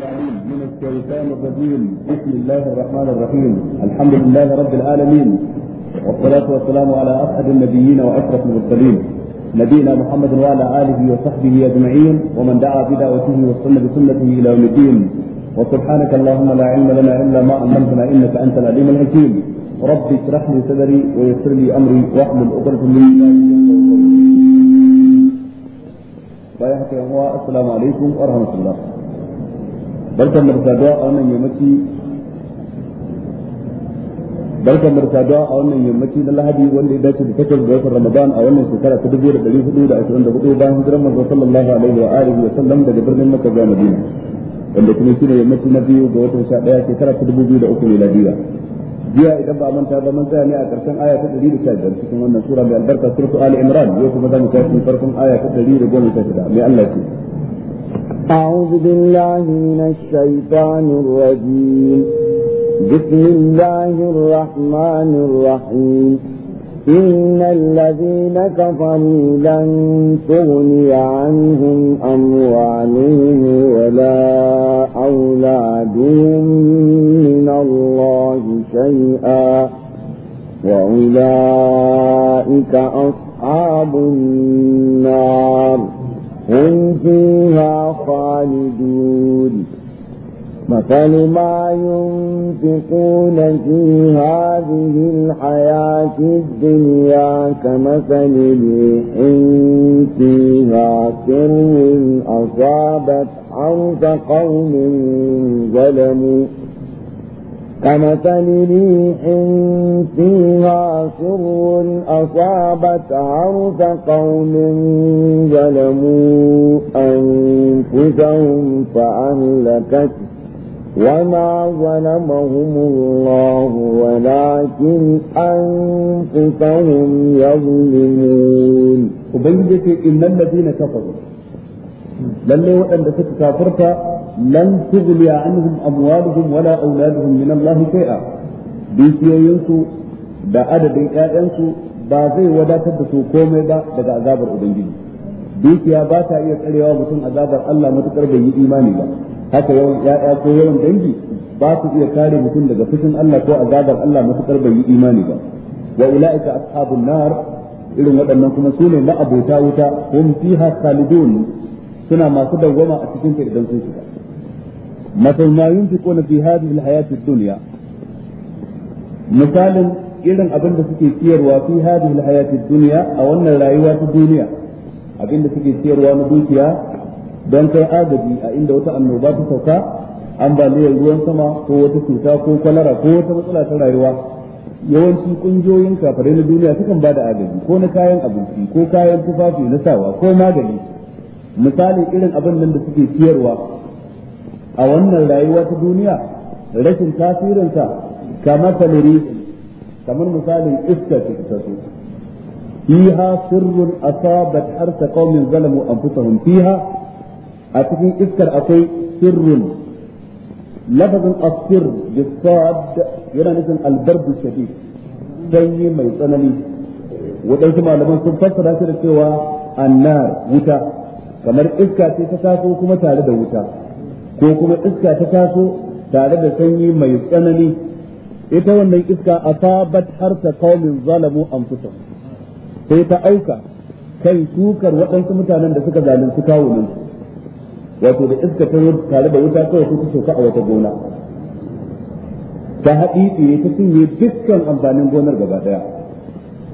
العليم من الشيطان الرجيم بسم الله الرحمن الرحيم الحمد لله رب العالمين والصلاة والسلام على أسعد النبيين وأشرف المرسلين نبينا محمد وعلى آله وصحبه أجمعين ومن دعا بدعوته واستنى بسنته إلى يوم الدين وسبحانك اللهم لا علم لنا إلا ما علمتنا إنك أنت العليم الحكيم ربي اشرح لي صدري ويسر لي أمري واحلل عقدة من السلام عليكم ورحمة الله barkan da saduwa a wannan yammaci barkan da saduwa a wannan yammaci na Lahadi wanda ya dace da takwas ga watan Ramadan a wannan shekara ta 1424 bayan hijirar manzo sallallahu alaihi wa alihi wa sallam daga birnin Makka zuwa Madina wanda kuma shine yammaci na biyu ga watan 11 shekara ta 2003 miladiya biya idan ba manta ba mun tsaya ne a karshen aya ta 115 cikin wannan sura mai albarka suratu Ali Imran yau kuma zamu tashi farkon aya ta 116 mai Allah ce أعوذ بالله من الشيطان الرجيم بسم الله الرحمن الرحيم إن الذين كفروا لن تغني عنهم أموالهم ولا أولادهم من الله شيئا وأولئك أصحاب النار هم فيها خالدون مثل ما ينفقون في هذه الحياة الدنيا كمثل ريح فيها سر أصابت حرث قوم ظلموا كمثل ريح فيها سر أصابت عرف قوم ظلموا أنفسهم فأهلكت وما ظلمهم الله ولكن أنفسهم يظلمون وبين إن الذين كفروا لن يوأن بسك كافرت lan tughni anhum amwaluhum wala auladuhum min Allah shay'a dukiyoyinsu da adadin 'ya'yansu ba zai wadatar da su komai ba daga azabar ubangiji dukiya ba ta iya tsarewa mutum azabar Allah matukar bai yi imani ba haka yawan 'ya'ya ko yawan dangi ba su iya kare mutum daga fushin Allah ko azabar Allah matukar bai yi imani ba wa ulaika ashabun nar irin waɗannan kuma su ne ma'abota wuta hum fiha khalidun suna masu dawwama a cikin ta idan sun shiga مثل ما ينفقون في هذه الحياة الدنيا مثالا irin abin da suke ciyarwa fi hadhihi alhayati dunya a wannan rayuwa ta duniya abin da suke ciyarwa na dukiya don kai agaji a inda wata annoba ta sauka ambaliyar ruwan sama ko wata cuta ko kwalara ko wata matsala ta rayuwa yawanci ƙungiyoyin kafirai na duniya sukan ba da agaji ko na kayan abinci ko kayan tufafi na sawa ko magani misalin irin abin da suke ciyarwa a wannan rayuwa ta duniya rashin tasirinsa kamar taliri kamar misalin iska ce ta so fiha sirrun asabat harsa qaumin zalamu anfusahum fiha a cikin iskar akwai sirrun lafazin asir bisad yana nufin albarbu shadid sanyi mai tsanani waɗansu malaman sun fassara shi da cewa annar wuta kamar iska ce ta taso kuma tare da wuta ko kuma iska ta taso tare da sanyi mai tsanani ita wannan iska a har harsa qaumin zalamu fito sai ta auka kan sukar waɗansu mutanen da suka kawo kawunan wato da iska ta tare da wuta kawai ta soka a wata gona ta haɗi ta cinye dukkan amfanin gonar gaba ɗaya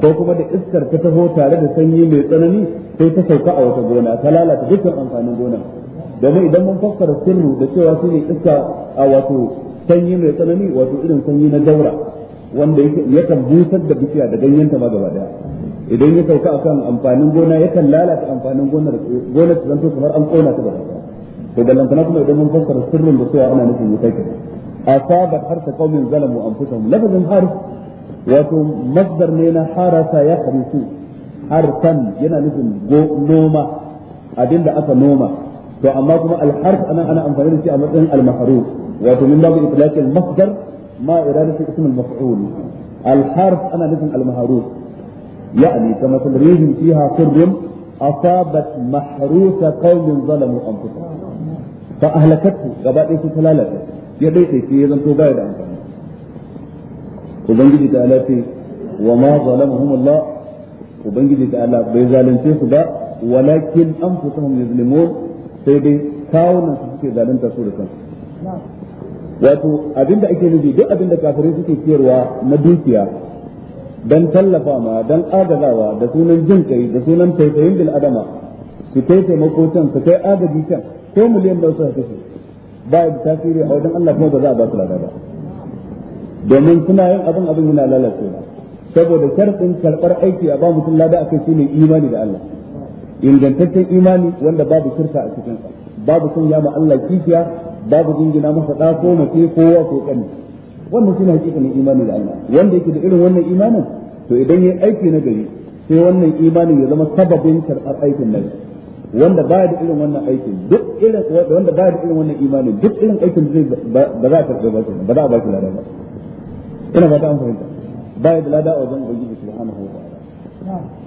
ko kuma da iskar ta taho tare da sanyi mai tsanani sai ta sauka a wata gona ta lalata dukkan amfanin gonar domin idan mun fassara sirru da cewa shi ne iska a wato sanyi mai tsanani wato irin sanyi na daura wanda yakan busar da bishiya da ganyenta ma gaba daya idan ya sauka akan amfanin gona yakan lalata amfanin gonar gonar ta zanto kamar an kona ta gaba to ballantana kuma idan mun fassara sirrin da cewa ana nufin wuta kenan asabat harsa qaumin zalamu anfusahum lafazin har wato masdar ne na harasa ya harisu harsan yana nufin noma abinda aka noma to amma kuma alharf harf anan ana amfani da shi a matsayin al wato min babu itlaq almasdar ma iradatu shi al-maf'ul alharf ana nufin ya'ni kama al-mahruf يعني كمثل ريح فيها قر أصابت محروس قوم ظلموا أنفسهم فأهلكته غبائه ثلاثة يديته في يزن توبا إلى أنفسهم ubangiji ta ala ce wa ma zalamahum Allah ubangiji ta ala bai zalunce su ba walakin anfusuhum yuzlimun sai dai kawunan su suke zalunta su da kansu wato abinda ake nufi duk abinda kafirai suke ciyarwa na dukiya dan tallafa ma dan agazawa da sunan jin kai da sunan taifayin bil adama su kai taimako can su kai agaji can ko miliyan da su. kashe ba ya tasiri a wajen Allah kuma ba za a ba su lada ba domin suna yin abin abin yana lalacewa saboda karfin karɓar aiki a ba mutum lada akai shine imani da Allah ingantaccen imani wanda babu shirka a cikin sa babu sun ya Allah kishiya babu jingina masa da ko mace ko wa ko kani wannan shine hakikanin imani da aina wanda yake da irin wannan imanin to idan yayi aiki na gari sai wannan imanin ya zama sababin karɓar aikin nan wanda baya da irin wannan aikin duk irin wanda baya da irin wannan imanin duk irin aikin zai ba za a karɓe ba ba za a ba shi lada ba ina fata an fahimta baya da lada a wajen ubangiji subhanahu wa ta'ala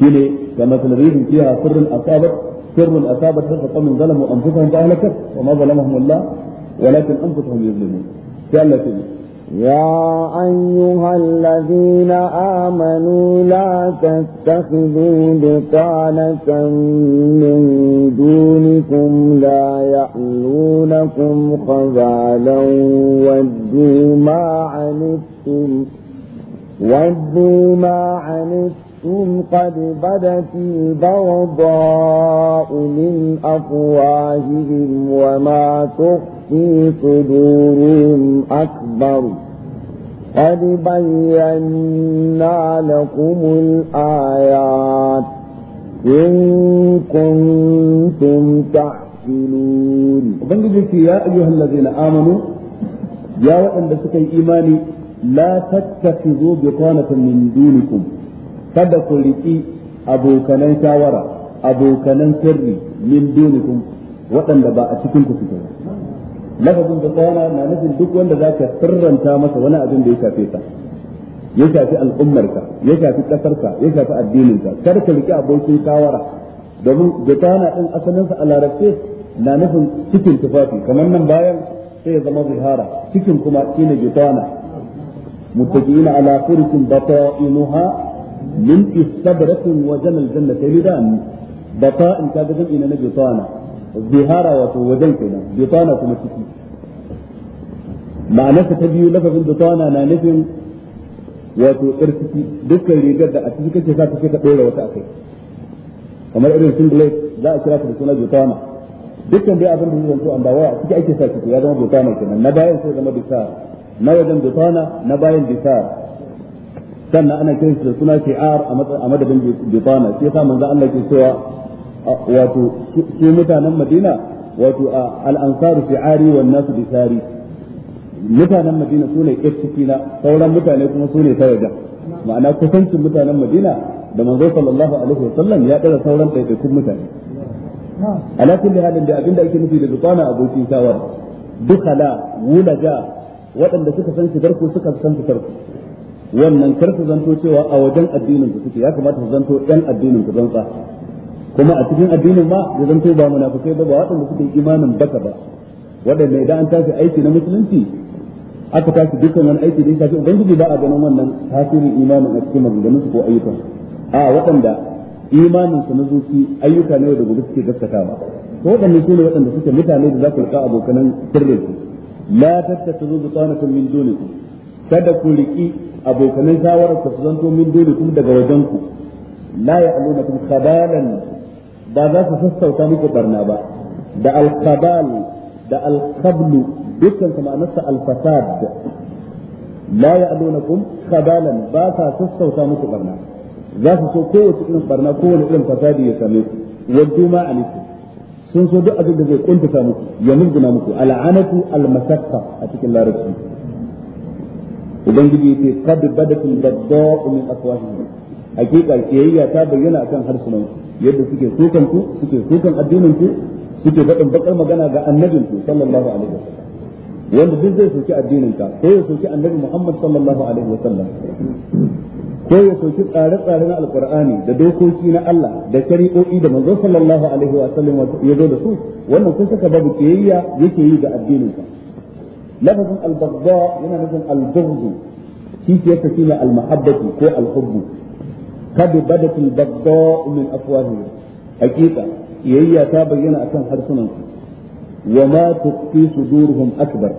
shine kama talabihim fiha sirrun asabat sirrun asabat fa min zalamu anfusahum fa halakat wa ma zalamahum Allah walakin anfusahum yuzlimun sai Allah ya يا أيها الذين آمنوا لا تتخذوا بطانة من دونكم لا يألونكم خبالا ودوا ما عنتم ودوا ما عنتم جئتم قد بدت البغضاء من أفواههم وما تخفي صدورهم أكبر قد بينا لكم الآيات إن كنتم تعقلون وبنجدك يا أيها الذين آمنوا يا وأن بسكي إيماني لا تتخذوا بطانة من دونكم kada ku riki abokanan shawara abokanan sirri min dunikum waɗanda ba a cikin ku suke lafazin da tsawon na nufin duk wanda za ka sirranta masa wani abin da ya shafe ta ya shafi al'ummarka ya shafi ƙasarka ya shafi addininka kar ka riki abokin shawara domin da ɗin asalinsa a larabce na nufin cikin tufafi kamar nan bayan sai ya zama zihara cikin kuma shine bitana muttaqina ala furqin batainuha min istabrakun wajen aljanna sai ni da ni bata in ka ga ina na bitana bihara wato wajen kenan bitana kuma ciki ma'anarsa ta biyu lafazin bitana na nufin wato yar ciki dukkan rigar da a ciki kake sa kake ka dora wata kamar irin singlet za a kira ta da suna bitana dukkan dai abin da zai an bawa a ciki ake sa ciki ya zama bitana kenan na bayan sai zama bisa na wajen bitana na bayan bitana sannan ana kiran su da suna shi'ar a madadin bitana sai sa manzo Allah ke cewa wato shi mutanen Madina wato al-ansaru shi'ari wan nasu bisari mutanen Madina sune na sauran mutane kuma su sune tawaja ma'ana kusancin mutanen Madina da manzo sallallahu alaihi wa wasallam ya ɗaga sauran ɗaiɗaikun mutane ala kulli halin da abinda ake nufi da bitana abokin shawara dukala wulaja waɗanda suka san shigar ku suka san shigar ku wannan kar su zanto cewa a wajen addinin ku suke ya kamata su zanto yan addinin ku zanta kuma a cikin addinin ma ya zanto ba munafikai ba ba waɗanda suke imanin baka ba waɗanda idan an tashi aiki na musulunci aka tashi dukkan wani aiki da ya shafi ubangiji ba a ganin wannan tasirin imanin a cikin maganganun su ko ayyukan a waɗanda imanin su na zuci ayyuka ne da gobe suke gaskatawa ko waɗanda su ne waɗanda suke mutane da za ku rika abokanan sirrin la tattakhudhu bitanatan min dunikum kada ku riki abokanan shawarar ku su zanto min dole ku daga wajen ku la ya'lunakum khabalan ba za su sassauta muku barna ba da al-khabal da al-qabl dukkan kuma nasa al-fasad la ya'lunakum khabalan ba sa sassauta muku barna za su so kowace irin barna kowace irin fasadi ya same ku waddu ma alaikum sun so duk abin da zai kuntata muku ya mulguna muku al'anatu al-masaqqa a cikin larabci ubangiji yace qad badakum dadda'u min afwahihim hakika kiyayya ta bayyana akan harsunan yadda suke sukan ku suke sukan addinin ku suke faɗin bakar magana ga annabin ku sallallahu alaihi wasallam wanda duk zai soki addinin ka ko ya soki annabi Muhammad sallallahu alaihi wasallam ko ya soki tsare-tsare na alqur'ani da dokoki na Allah da shari'o'i da manzo sallallahu alaihi wasallam ya zo da su wannan kun saka babu kiyayya yake yi ga addinin ka lafazin albagda yana nufin albagzu shi ke yake shine almahabbatu ko alhubbu kadi badatul bagda min afwahihim hakika iyayya ta bayyana akan harsunan su wa ma tuqi sudurhum akbar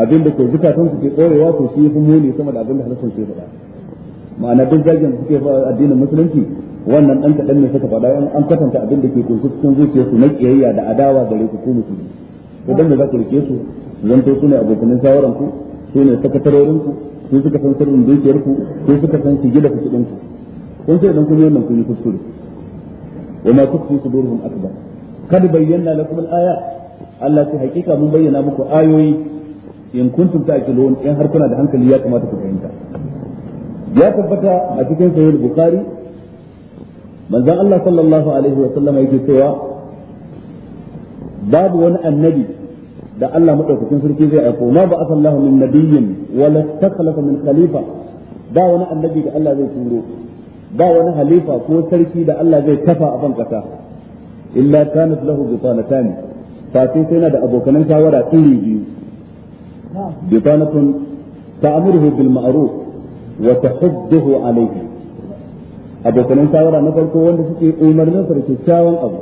abinda ke zukatan su ke korewa to shi fi muni sama da abinda harsun su ya faɗa ma'ana duk zagin da suke addinin musulunci wannan dan kaɗan ne suka faɗa an kwatanta abinda ke kunsu cikin zuciyarsu na kiyayya da adawa gare ku ko musulmi to da za ku rike su zan su ne abokanin shawaran ku su ne sakatarorin ku su suka san sirrin dukiyar ku su suka san su gida kuɗin ku kun ce dan kun yi kun yi kuskure wa ma tukfi sudurhum akbar kad bayyana lakum al-ayat Allah ta hakika mun bayyana muku ayoyi in kuntum ta'qilun in har kuna da hankali ya kamata ku fahimta ya tabbata a cikin sahih bukhari manzon Allah sallallahu alaihi wa sallam yake cewa babu wani annabi da Allah madaukakin sarki zai aiko ma ba asallahu min nabiyyin wala takhlafa min khalifa ba wani annabi da Allah zai turo ba wani halifa ko sarki da Allah zai kafa a ban kasa illa kanat lahu bitanatan fa sai na da abokanan shawara iri biyu bitanatun ta'muruhu bil ma'ruf wa tahudduhu alayhi abokanan shawara na farko wanda suke umarnin sa kyawun abu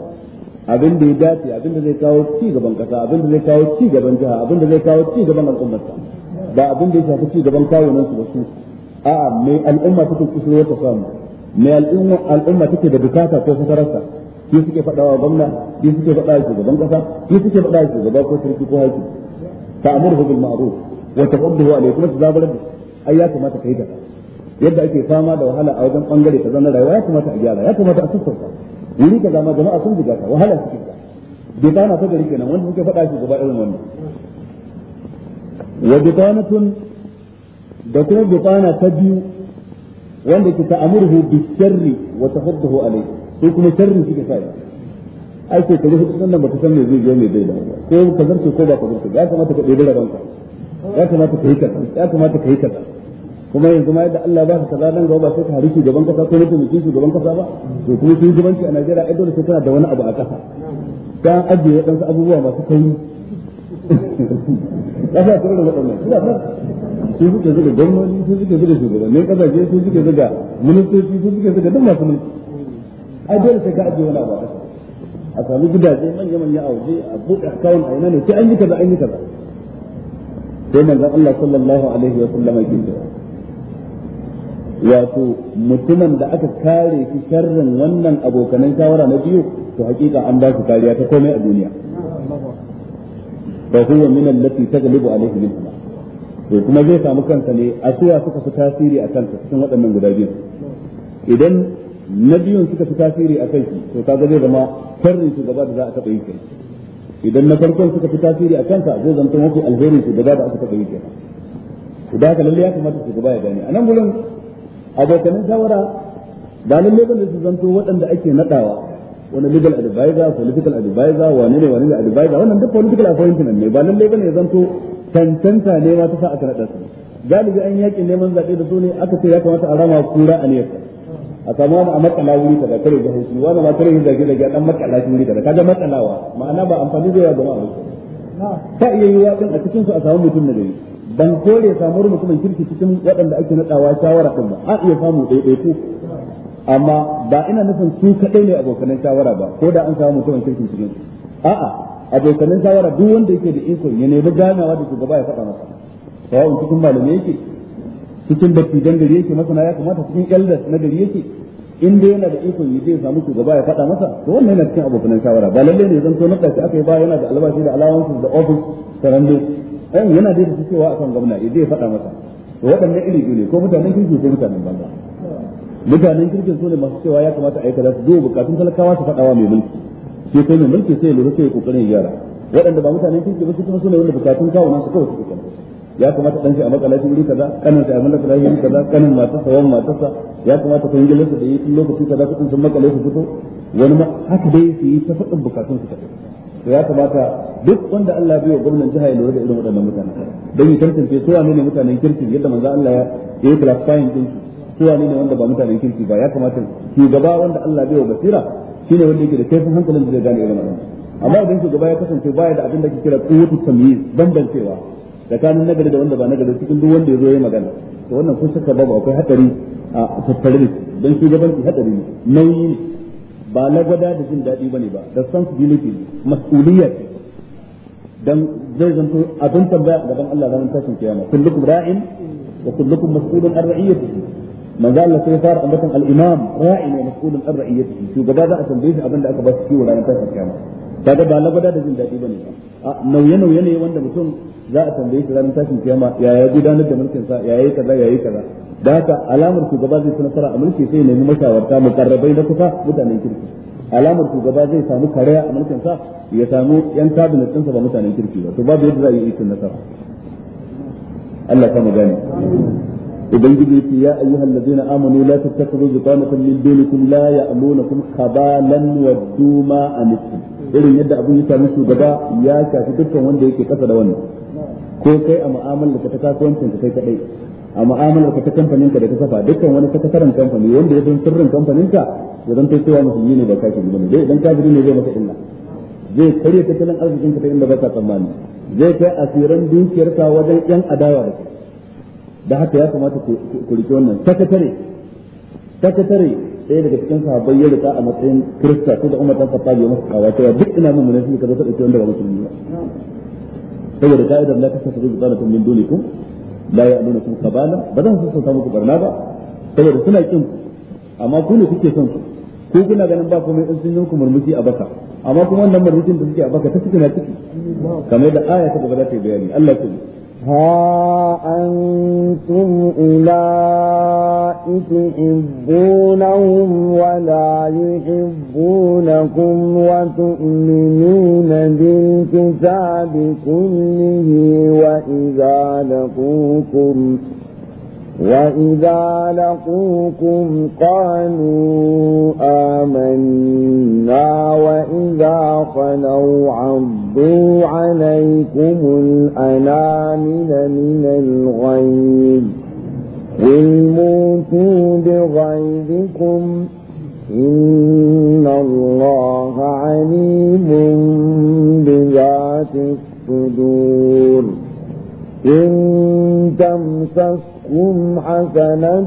abin da ya dace abin da zai kawo ci gaban kasa abin da zai kawo ci gaban jiha abin da zai kawo ci gaban al'umma, ba abin da ya shafi ci gaban kawunan su ba su a'a mai al'umma take kusurwa ta samu mai al'umma take da bukata ko fatararsa shi suke faɗawa gwamna shi suke faɗawa gaban kasa shi suke faɗawa shugaba ko sarki ko haiku, ta ta'murhu bil ma'ruf wa taqaddahu alayhi kuma zabarar da ai ya kamata kai da yadda ake fama da wahala a wajen bangare ta zanna rayuwa ya kamata a gyara ya kamata a sassauta wuri kaza ma jama'a sun buga ta wahala suke ta bai tana ta gari kenan wanda muke faɗa shi gaba irin wannan wa bitanatun da kuma bitana ta biyu wanda ke ta'amurhu bi sharri wa tafaddahu alayhi sai kuma sharri suke sa ai sai ka rufe sannan ta san me zai je me zai da ko ka zarce ko ba ka zarce ya kamata ka ɗebi rabanka ya kamata ka yi kaza ya kamata ka yi kaza kuma yanzu ma yadda Allah ba ka kaza dan gaba sai ka hari shugaban kasa ko mutumin shugaban kasa ba to kuma shugabanci a Najeriya ai dole sai kana da wani abu a kasa dan ajiye dan abubuwa masu kai kasa ta da wadannan suna fa su suke zuga gwamnati su suke zuga shugabannin kasashe su suke zuga ministoci su suke zuga duk masu mulki ai dole sai ka ajiye wani abu a kasa a sami gidaje manya manya a waje a buɗe akawun a ina ne sai an yi kaza an yi kaza sai manzon Allah sallallahu alaihi wa sallam yake cewa wato mutumin da aka kare shi sharrin wannan abokanan shawara na biyu to hakika an ba shi kariya ta komai a duniya ba huwa min allati taghlibu alayhi min to kuma zai samu kansa ne a suya suka fi tasiri a kanka cikin waɗannan guda biyu idan na biyun suka fi tasiri a kanki to kaga zai zama sharrin shugaba da za a taɓa yi kenan idan na farkon suka fi tasiri a kanka zai zama mafi alherin gaba da aka taɓa yi kenan da haka lalle ya kamata gaba ya gani. a nan gurin abokanin shawara ba lalle bane su zanto waɗanda ake naɗawa wani legal advisor political advisor wani ne wani ne advisor wannan duk political appointment ne ba lalle bane zanto tantanta ne ma ta sa aka nada su galibi an yaki neman zaɓe da su ne aka ce ya kamata a rama kura a nesa a samu wani a matsala wuri kaza kare da haushi wani ma kare da gida a dan matsala shi wuri kaza kaga matsalawa ma'ana ba amfani da yawa jama'a ba ta iya yi wa a cikinsu a samu mutum na gari ban kore samuwar mutumin kirki cikin waɗanda ake naɗawa shawara ɗin ba an iya samu ɗaiɗaiku amma ba ina nufin su kaɗai ne abokanan shawara ba ko da an samu mutumin kirki cikin a'a abokanan shawara duk wanda yake da iko ya nemi ganawa da shugaba ya faɗa masa sawa'un cikin malamai yake cikin dattijan gari yake masana ya kamata cikin elders na gari yake in dai yana da ikon yi zai samu shugaba ya faɗa masa to wannan yana cikin abokan shawara ba lalle ne zan to na kashi aka yi ba yana da albashi da alawansu da ofis sarando ɗan yana da su cewa akan gwamna yaje ya faɗa masa to waɗannan iri biyu ne ko mutanen kirki ko mutanen banza mutanen kirkin su ne masu cewa ya kamata a yi kaza su duba bukatun talakawa su wa mai mulki sai kai mai mulki sai ya lura sai ya kokarin gyara waɗanda ba mutanen kirki ba su kuma su ne wanda bukatun kawo nan su kawai su kanta ya kamata a shi a matsalaci wuri kaza kanin sa a da wuri kaza kanin matarsa wan matarsa ya kamata kun yi da yi lokaci kaza kudin sun matsala su fito wani ma haka dai su yi ta faɗin bukatun su kaɗai to ya kamata duk wanda Allah bai wa gwamnan jiha ya lura da irin waɗannan mutane don yi tantance su wani ne mutanen kirki yadda manzo Allah ya yi classifying din su wani ne wanda ba mutanen kirki ba ya kamata shugaba wanda Allah bai wa basira shine wanda yake da kaifin hankalin da zai gane irin wannan amma idan shugaba ya kasance baya da abin da ake kira kuwatu tamyiz bambancewa tsakanin nagari da wanda ba nagari cikin duk wanda ya zo ya magana to wannan kun saka babu akwai hatsari a tattare da don shugabanci hatsari ne nauyi ne ba lagwada da jin daɗi bane ba da mas'uliyya masuliyar dan zai zanto abin tambaya gaban Allah ranar tashin kiyama kullukum ra'in wa kullukum mas'ulun an ra'iyatihi manzo Allah sai fara ambatan al-imam ra'in wa mas'ulun an ra'iyatihi gaba za a tambaye shi abin da aka ba shi kiwo ranar tashin kiyama kaga ba labada da jin daɗi bane ba nauye nauye ne wanda mutum za a tambaye shi ranar tashin kiyama ya ya gudanar da mulkin sa ya yi kaza ya yi kaza da haka alamar shugaba zai ci nasara a mulki sai nemi mashawarta karrabai na kusa mutanen kirki alamar shugaba zai samu karaya a mulkin sa ya samu yan kabinet ɗinsa ba mutanen kirki ba to babu yadda za a yi cin nasara Allah ta magani ubangiji yake ya ayyuhal ladina amanu la tattakhudhu bitanatan min dunikum la ya'lunukum khabalan wa duma anittum irin yadda abin ya sami shugaba ya shafi dukkan wanda yake kasa da wannan ko kai a mu'amalar ka ta kasuwancin ka kai kadai a mu'amalar ka ta kamfanin ka da ka safa dukkan wani sakataren kamfani wanda ya san sirrin kamfanin ka ya zanto cewa yi ne da kashi bane dai idan kafiri ne zai maka illa zai karya tattalin arzikin ka ta inda ba ka tsammani zai kai asiran dukiyarka wajen yan adawa da da haka ya kamata ku rike wannan sakatare sakatare sai daga cikin sahabbai ya rika a matsayin kirista ko da umar dan khattab ya masa kawa cewa duk ina mun munafi ka zo ka dauki wanda ba musulmi ba saboda ka'idar la tasatu bi zalatin min dunikum la kum qabala ba zan so samu ku barna ba saboda kuna kin amma ku ne kuke son ku ko kuna ganin ba komai in sun yi ku murmushi a baka amma kuma wannan murmushin da suke a baka ta suke na ciki kamar da aya ta gaba ta bayani Allah ku ها أنتم أولئك تحبونهم ولا يحبونكم وتؤمنون بالكتاب كله وإذا لقوكم وَإِذَا لَقُوكُمْ قَالُوا آمَنَّا وَإِذَا خَلَوْا عَضُّوا عَلَيْكُمُ الْأَنَامِلَ مِنَ الْغَيْظِ قُلْ مُوتُوا إِنَّ اللَّهَ عَلِيمٌ بِذَاتِ الصُّدُورِ إِن تَمْسَسْ تأتهم حسنة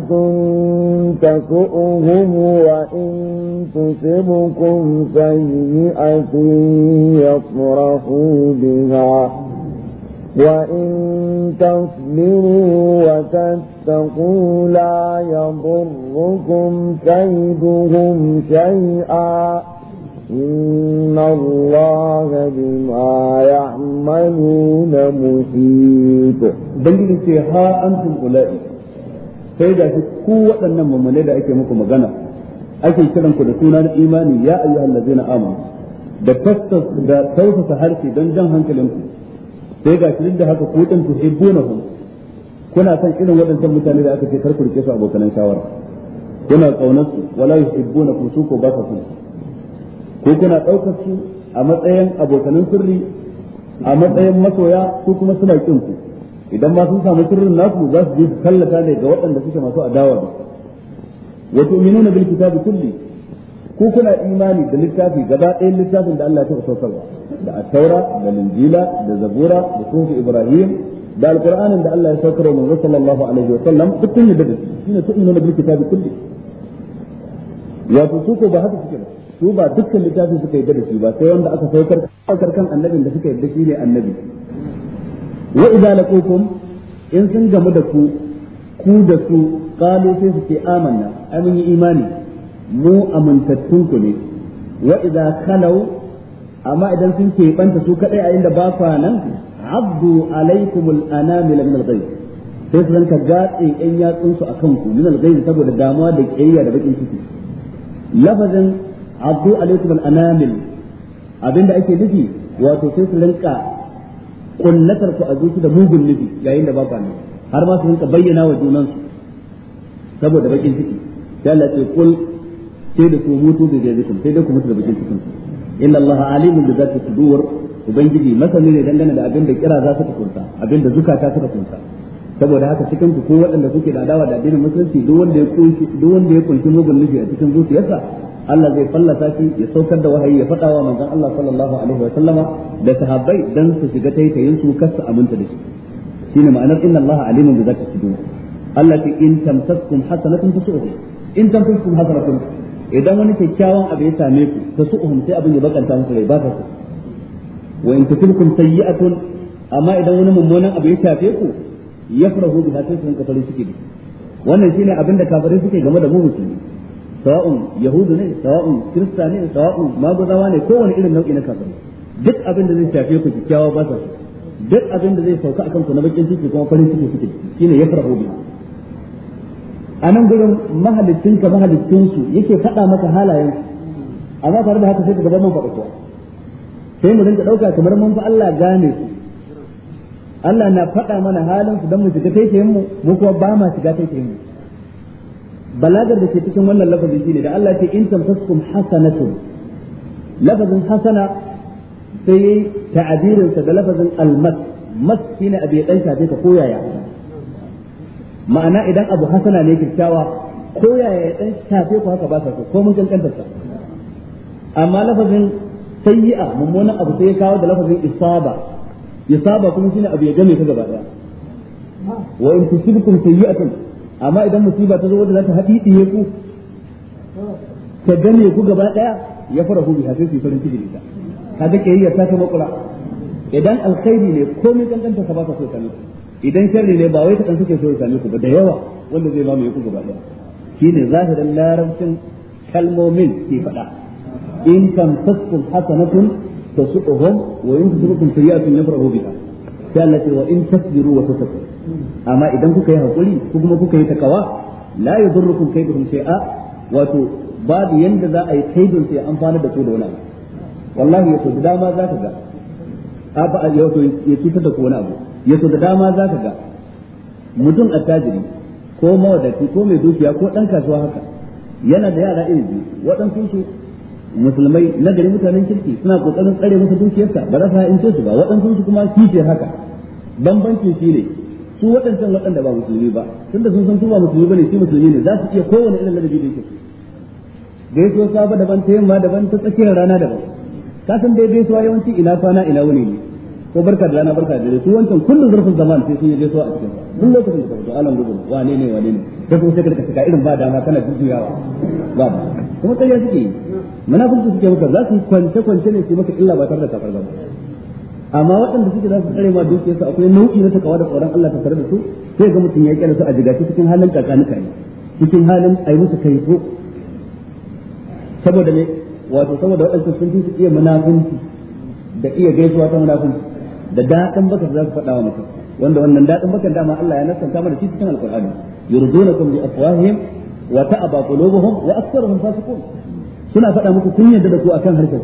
تسؤهم وإن تصبكم سيئة يفرحوا بها وإن تصبروا وتتقوا لا يضركم كيدهم شيئا إن الله بما يعملون محيط بل ها أنتم أولئك فإذا قوة أنما من أكي مكو مغانا أكي كلام كده سنان يا أيها الذين آمنوا da tattas da tausasa harshe don jan hankalinku sai ga shi da haka ku din ku hibbuna kuna san irin waɗannan mutane da aka ce karku rike su abokan shawara kuna kaunar su wala yuhibbuna ku su ko ba ka su ko kuna ɗaukar su a matsayin abokanin sirri a matsayin masoya ko kuma suna kin ku idan ma sun samu sirrin nasu za su je su kallata ne ga waɗanda suke masu adawa da wa tu'minuna bil kitabi kulli ko kuna imani da littafi gaba ɗayan littafin da Allah ya taɓa saukarwa da at-taura da linjila da zabura da sufi ibrahim da alqur'anin da Allah ya saukarwa manzo sallallahu alaihi wa sallam duk kun yadda da shi ne tu'minuna bil kitabi kulli wato su ko ba haka suke ba su ba dukkan littafi suka yadda da shi ba sai wanda aka saukar saukar kan annabin da suka yadda shi ne annabi wa idza laqukum in sun gamu da ku ku da su qalu sai su ce amanna yi imani mu amintattun ku ne wa idza khalau amma idan sun ke banta su kadai a inda ba kwa nan abdu alaikumul anamil min al-ghayb sai su ranka gatsi yan yatsun su akan ku min al-ghayb saboda damuwa da kiyayya da bakin ciki lafazin abdu alaikum al-anamil abinda ake nufi wato sai su rinka kullatar ku a zuci da mugun nufi yayin da ba ku ne har ma su rinka bayyana wa junan su saboda bakin ciki sai Allah ce kul sai da su mutu da bi jazikum sai dai ku mutu da bakin cikin su. inna Allah alimun bi zati sudur ubangiji masani ne dangane da abin da kira za su kunta abin da zukata suka kunta saboda haka cikin ku ko waɗanda kuke da adawa da addinin musulunci duk wanda ya kunshi duk wanda ya kunshi mugun nufi a cikin zuciyarsa Allah zai fallasa shi ya saukar da wahayi ya faɗa wa manzon Allah sallallahu alaihi wa sallama da sahabbai dan su shiga taitayin su kar su aminta da shi shine ma'anar inna Allah alimun bi zati sudur Allah ta in tamsaskum hasanatun tasu'uhum in tamsaskum hasanatun idan wani kyakkyawan abu ya same ku tasu'uhum sai abin ya bakanta muku rai ba ta ku wa in tusibkum sayyi'atun amma idan wani mummunan abu ya shafe ku yafrahu biha sai sun kafaru suke da wannan shine abinda kafirai suke game da mu musulmi sawa'un yahudu ne sawa'un kirista ne sawa'un magudawa ne kowane irin nau'i na kafirai duk abin da zai shafe ku kikkiawa ba sa duk abin da zai sauka akan ku na bakin ciki kuma farin ciki suke shine yafrahu biha a nan gurin mahalicin ka mahalicin su yake faɗa maka halayen amma tare da haka sai ka gaba mun faɗa kuwa sai mu rinka ɗauka kamar mun fa Allah gane su Allah na faɗa mana halin su don mu shiga taitayin mu mu kuma ba ma shiga taitayin mu balagar da ke cikin wannan lafazin shine da Allah ce in tamsaskum hasanatun lafazin hasana sai yayi ta'abirin sa da lafazin almas mas shine abu ya dan shafe ka koyaya ma'ana idan abu hasana ne kyakkyawa koyaya ya dan shafe ku haka ba sa so ko mun kankanta sa amma lafazin sayyi'a mummunan abu sai ya kawo da lafazin isaba ya saba kuma shine abu ya game ka gaba daya wa in tusibkum sayyi'atan amma idan musiba ta zo wadda za ta haɗiɗiye ku ta gane ku gaba daya ya fara ku biha sai su farin ciki da kaga kiyayya ta kama kula idan alkhairi ne komai danganta ka ba ka so same ku idan sharri ne ba wai ka dan suke so same ku ba da yawa wanda zai mamaye ku gaba daya shine zahirin larabcin kalmomin ke faɗa in tamsaskum hasanatun تسقهم وإن تصبكم سيئة يفرحوا بها قالت وإن تصبروا وتتقوا أما إذا كنت يهقلي كما كنت لا يضركم كيدهم شيئا wato babu yanda za a yi kaidon sai amfana da ku da wani abu wallahi yaso da dama za ka ga a ba a yaso ya cutar da abu dama za ka ga mutum attajiri ko mawadaci ko mai dukiya ko dan kasuwa haka yana da yara iri waɗansu su musulmai na gari mutanen kirki suna kokarin tsare musu dukiyarsa ba za su ha'ince su ba waɗansu su kuma kice haka bambancin shi ne su waɗancan waɗanda ba musulmi ba tunda sun san su ba musulmi ne su musulmi ne za su iya kowane irin ladabi da yake gaisuwa saba daban ta yamma daban ta tsakiyar rana daban ka san dai gaisuwa yawanci ina kwana ina wuni ne ko barka da rana barka da dare su wancan kullum zurfin zaman sai sun yi gaisuwa a cikin duk lokacin da ka fito alam gudu wane ne wane ne da kuma sai ka shiga irin ba dama kana gujewa ba ba kuma sai ya suke kuma suke muka za su kwance kwance ne su maka illa ba tare da kafar ba amma waɗanda suke za su tsare ma dukiyarsu akwai nau'i na takawa da tsoron Allah ta tare da su sai ga mutum ya kyale su a su cikin halin kakanuka ne cikin halin yi musu kai ko saboda ne wato saboda waɗansu sun fi su iya munafunci da iya gaisuwa ta munafunci da daɗin bakar za su faɗa wa mutum wanda wannan daɗin bakar dama Allah ya nasanta mana cikin alƙur'ani yurdunakum bi afwahihim wa ta'aba qulubuhum wa aktharuhum fasiqun suna faɗa muku kun yarda da ku akan harkar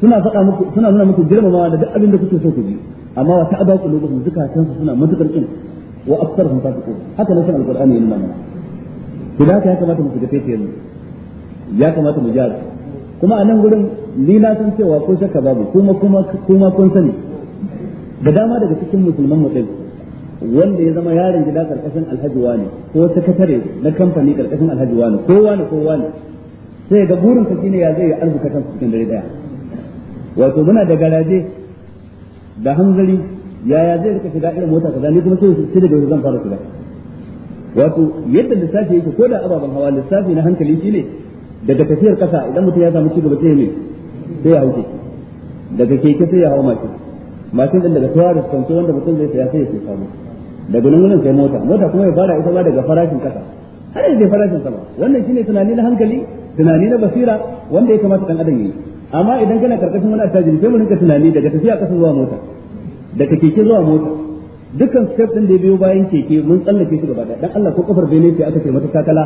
suna faɗa muku suna nuna muku girmamawa da duk abin kuke so ku ji amma wa ta'aba qulubuhum zakatansu suna matukar kin wa aktharuhum fasiqun haka ne sanan alqur'ani yana nuna to da haka ya kamata mu shiga fete ya kamata mu jara kuma a nan gurin ni na san cewa ko shakka babu kuma kuma kuma kun sani da dama daga cikin musulman mu wanda ya zama yaron gida karkashin alhaji wani ko sakatare na kamfani karkashin alhaji wani ko wani ko wani sai ga burin sa shine ya zai arzuka kansa cikin dare daya wato muna da garaje da hanzari yaya zai rika shiga irin mota kaza ni kuma sai sai daga zan fara shiga wato yadda lissafi yake ko da ababen hawa lissafi na hankali shine daga tafiyar kasa idan mutum ya samu cigaba sai mai sai ya hauke daga keke sai ya hau mashin mashin din daga tawarin kwanto wanda mutum zai saya sai ya samu daga nan wurin sai mota mota kuma ya fara ita ba daga farashin kasa har yanzu farashin sama wannan shine tunani na hankali tunani na basira wanda ya kamata dan adam yi amma idan kana karkashin wani attajin sai mu rinka tunani daga tafiya kasa zuwa mota daga keke zuwa mota dukkan step din da ya biyo bayan keke mun tsallake shi gaba ɗaya dan Allah ko kafar bene sai aka ce mata takala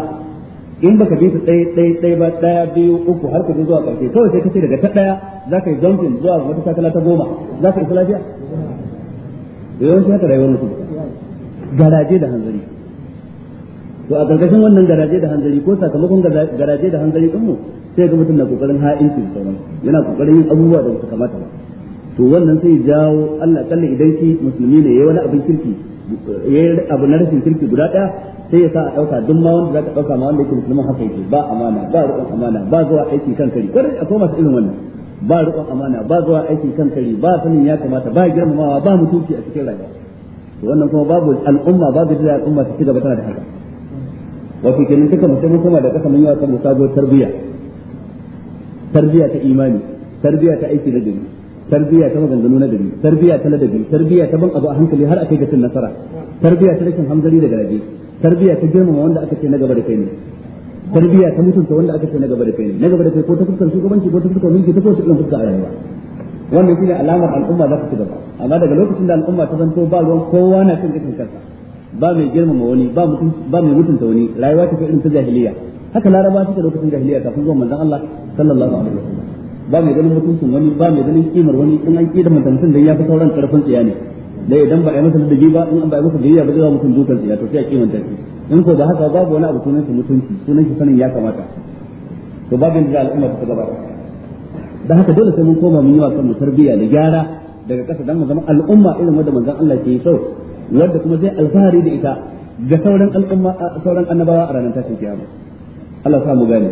in baka bi su ɗaya ɗaya ɗaya ba ɗaya biyu uku har ka zuwa karshe kawai sai ka ce daga ta ɗaya za ka yi jumping zuwa mata takala ta goma za ka isa lafiya yawanci haka rayuwar mutum garaje da hanzari to a gargajin wannan garaje da hanzari ko sakamakon garaje da hanzari din mu sai ga mutum na kokarin ha'inci da sauran yana kokarin yin abubuwa da suka kamata ba to wannan sai jawo Allah kalle idan ki musulmi ne yayi wani abin kirki yayi abu na rashin kirki guda daya sai ya sa a dauka duk ma wanda zaka dauka ma wanda yake musulmin haka yake ba amana ba riƙon amana ba zuwa aiki kan kari kar koma masu irin wannan ba riƙon amana ba zuwa aiki kan kari ba sanin ya kamata ba girmamawa ba mutunci a cikin rayuwa wannan kuma babu al'umma babu da al'umma ta ci gaba tana da haka wato kenan duka mu sai kuma da kasa mun yi wa kanmu sabuwar tarbiyya tarbiyya ta imani tarbiyya ta aiki da gari tarbiyya ta maganganu na gari tarbiyya ta ladabi tarbiyya ta ban abu a hankali har akai ga cin nasara tarbiyya ta rashin hamzari da garaje tarbiyya ta girmama wanda aka ce na gaba da kai ne tarbiyya ta mutunta wanda aka ce na gaba da kai ne na gaba da kai ko ta fuskar shugabanci ko ta fuskar mulki ta ko ta fuskar rayuwa wannan shine alamar al'umma za ta ci gaba amma daga lokacin da al'umma ta zanto ba ruwan kowa na cin ikin kansa ba mai girmama wani ba mutum ba mai mutunta wani rayuwa ta irin ta jahiliya haka laraba suke lokacin jahiliya kafin zuwan manzon Allah sallallahu alaihi wasallam ba mai ganin mutuncin wani ba mai ganin kimar wani in an kida mutuncin da ya fi sauran karfin tsiya ne da idan ba a yi masa ladabi ba in an ba yi masa biyayya ba zai mutum dukan tsiya to sai a kimanta shi in ko ba haka babu wani abu sunan shi mutunci sunan shi sanin ya kamata to babin da al'umma ta gabata da haka dole sai mun koma mun yi wasan kanmu tarbiyya da gyara daga ƙasa dan mu zama al'umma irin wanda manzon Allah ke so wanda kuma zai alfahari da ita ga sauran al'umma sauran annabawa a ranar tashin kiyama Allah sa mu gane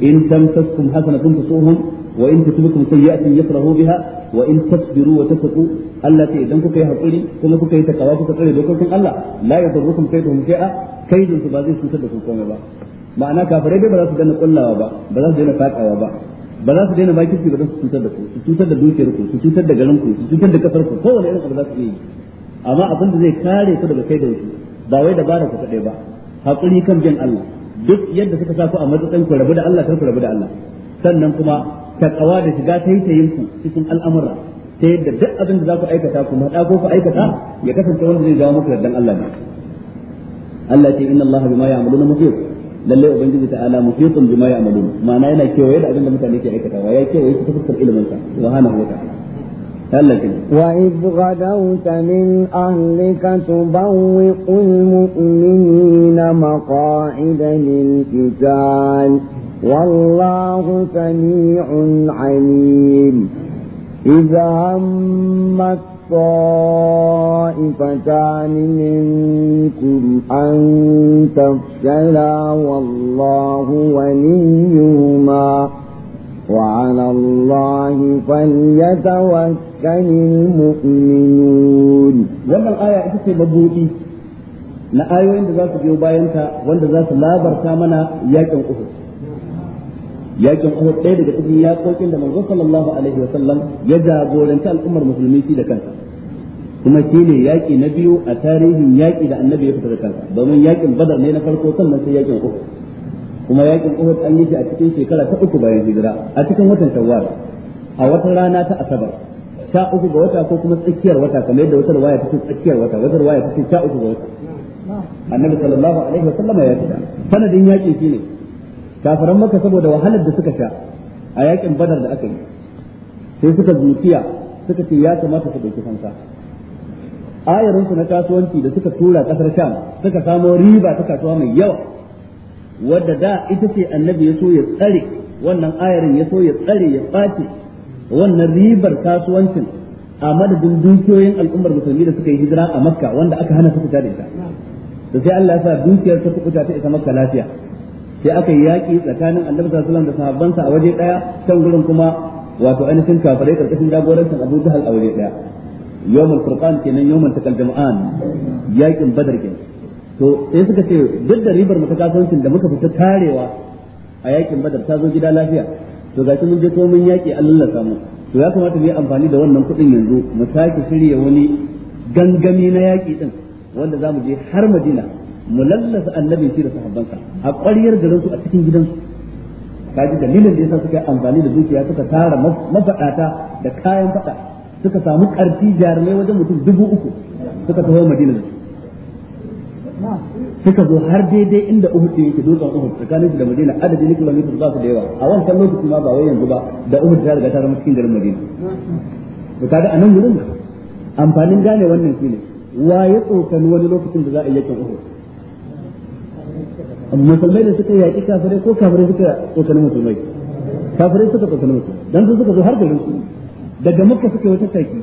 in tamtaskum hasanatun tusuhum wa in tusibukum sayyi'atun yafrahu biha wa in tasbiru wa tattaqu Allah ce idan kuka yi hakuri kuma kuka yi takawa kuka tsare dokokin Allah la yadurrukum kayduhum shay'a kaidun su ba zai cutar da ku komai ba ma'ana kafirai bai ba za su danna kullawa ba ba za su daina fadawa ba ba za su daina makirci ba don su cutar da ku su cutar da dukiyar ku su cutar da garin ku su cutar da kasar ku kowane irin abu za su iya yi amma abin da zai kare ku daga kai da wuce ba wai dabara ku kadai ba hakuri kan bin Allah duk yadda suka sa ku a matsayin ku rabu da Allah kar ku rabu da Allah sannan kuma kawa da shiga taitayin ku cikin al'amura ta yadda duk abin da za ku aikata ku haɗa ko ku aikata ya kasance wanda zai jawo muku yardan Allah ne Allah ce inna Allah bima ya'maluna muhit lalle ubangiji ta'ala muhitun bima ya'malun ma'ana yana kewaye da abin da mutane ke aikata wa ya kewaye su ta fuskar ilimin sa subhanahu wa ta'ala وإذ غدوت من أهلك تبوئ المؤمنين مقاعد للقتال والله سميع عليم إذ همت طائفتان منكم أن تفشلا والله وليهما وعلى الله فليتوكل المؤمنون wannan aya ita ce mabuɗi na ayoyin da za su biyo bayanta wanda za su labarta mana yaƙin Uhud yakin Uhud ɗaya daga cikin yakokin da manzo sallallahu alaihi wa sallam ya jagoranta al'ummar musulmi shi da kansa kuma shi ne yaƙi na biyu a tarihin yaƙi da annabi ya fita da kansa domin yakin Badar ne na farko sannan sai yakin Uhud kuma yakin Uhud an yi shi a cikin shekara ta uku bayan hijira a cikin watan Shawwal a wata rana ta Asabar sha uku ga wata ko kuma tsakiyar wata kamar yadda wata riwaya ta ce tsakiyar wata wata riwaya ta ce sha uku ga wata annabi sallallahu alaihi wa sallama ya fita sanadin yakin shine kafiran maka saboda wahalar da suka sha a yakin badar da aka yi sai suka zuciya suka ce ya kamata su dauki fansa su na kasuwanci da suka tura kasar sham suka samo riba ta kasuwa mai yawa wadda da ita ce annabi ya so ya tsare wannan ayarin ya so ya tsare ya ɓace wannan ribar kasuwancin a madadin dukiyoyin al'ummar musulmi da suka yi hijira a makka wanda aka hana su fita da ita sai Allah ya sa dukiyar ta kubuta ta isa makka lafiya sai aka yi yaƙi tsakanin annabi sallallahu alaihi wasallam da sa a waje daya can gurin kuma wato ainihin kafirai karkashin jagorancin Abu Jahal a waje daya yawmul furqan kenan yawmul takal jama'an yaƙin badar kenan to sai suka ce duk da ribar mu ta kasuwancin da muka fita tarewa a yaƙin badar ta zo gida lafiya to gashi mun je ko mun yaƙi Allah lallasa samu. to ya kamata mu yi amfani da wannan kuɗin yanzu mu sake shirya wani gangami na yaƙi din wanda za mu je har Madina mu lallasa annabi shi da sahabbansa a ƙwariyar garin su a cikin gidansu kaji dalilin da yasa suka yi amfani da dukiya suka tara mafaɗata da kayan faɗa suka samu ƙarfi jarumai wajen mutum dubu uku suka taho madina da suka zo har daidai inda uhud yake dutsen uhud tsakanin da madina adadin kilomita ba su da yawa a wancan lokacin ma ba wai yanzu ba da uhud ta riga ta zama cikin garin madina Da kaga a nan gurin amfanin gane wannan shine wa ya tsokani wani lokacin da za a yi yakin uhud musulmai da suka yaƙi kafirai ko kafirai suka tsokani musulmai kafirai suka tsokani musulmai dan sun suka zo har garin su daga makka suka yi wata saki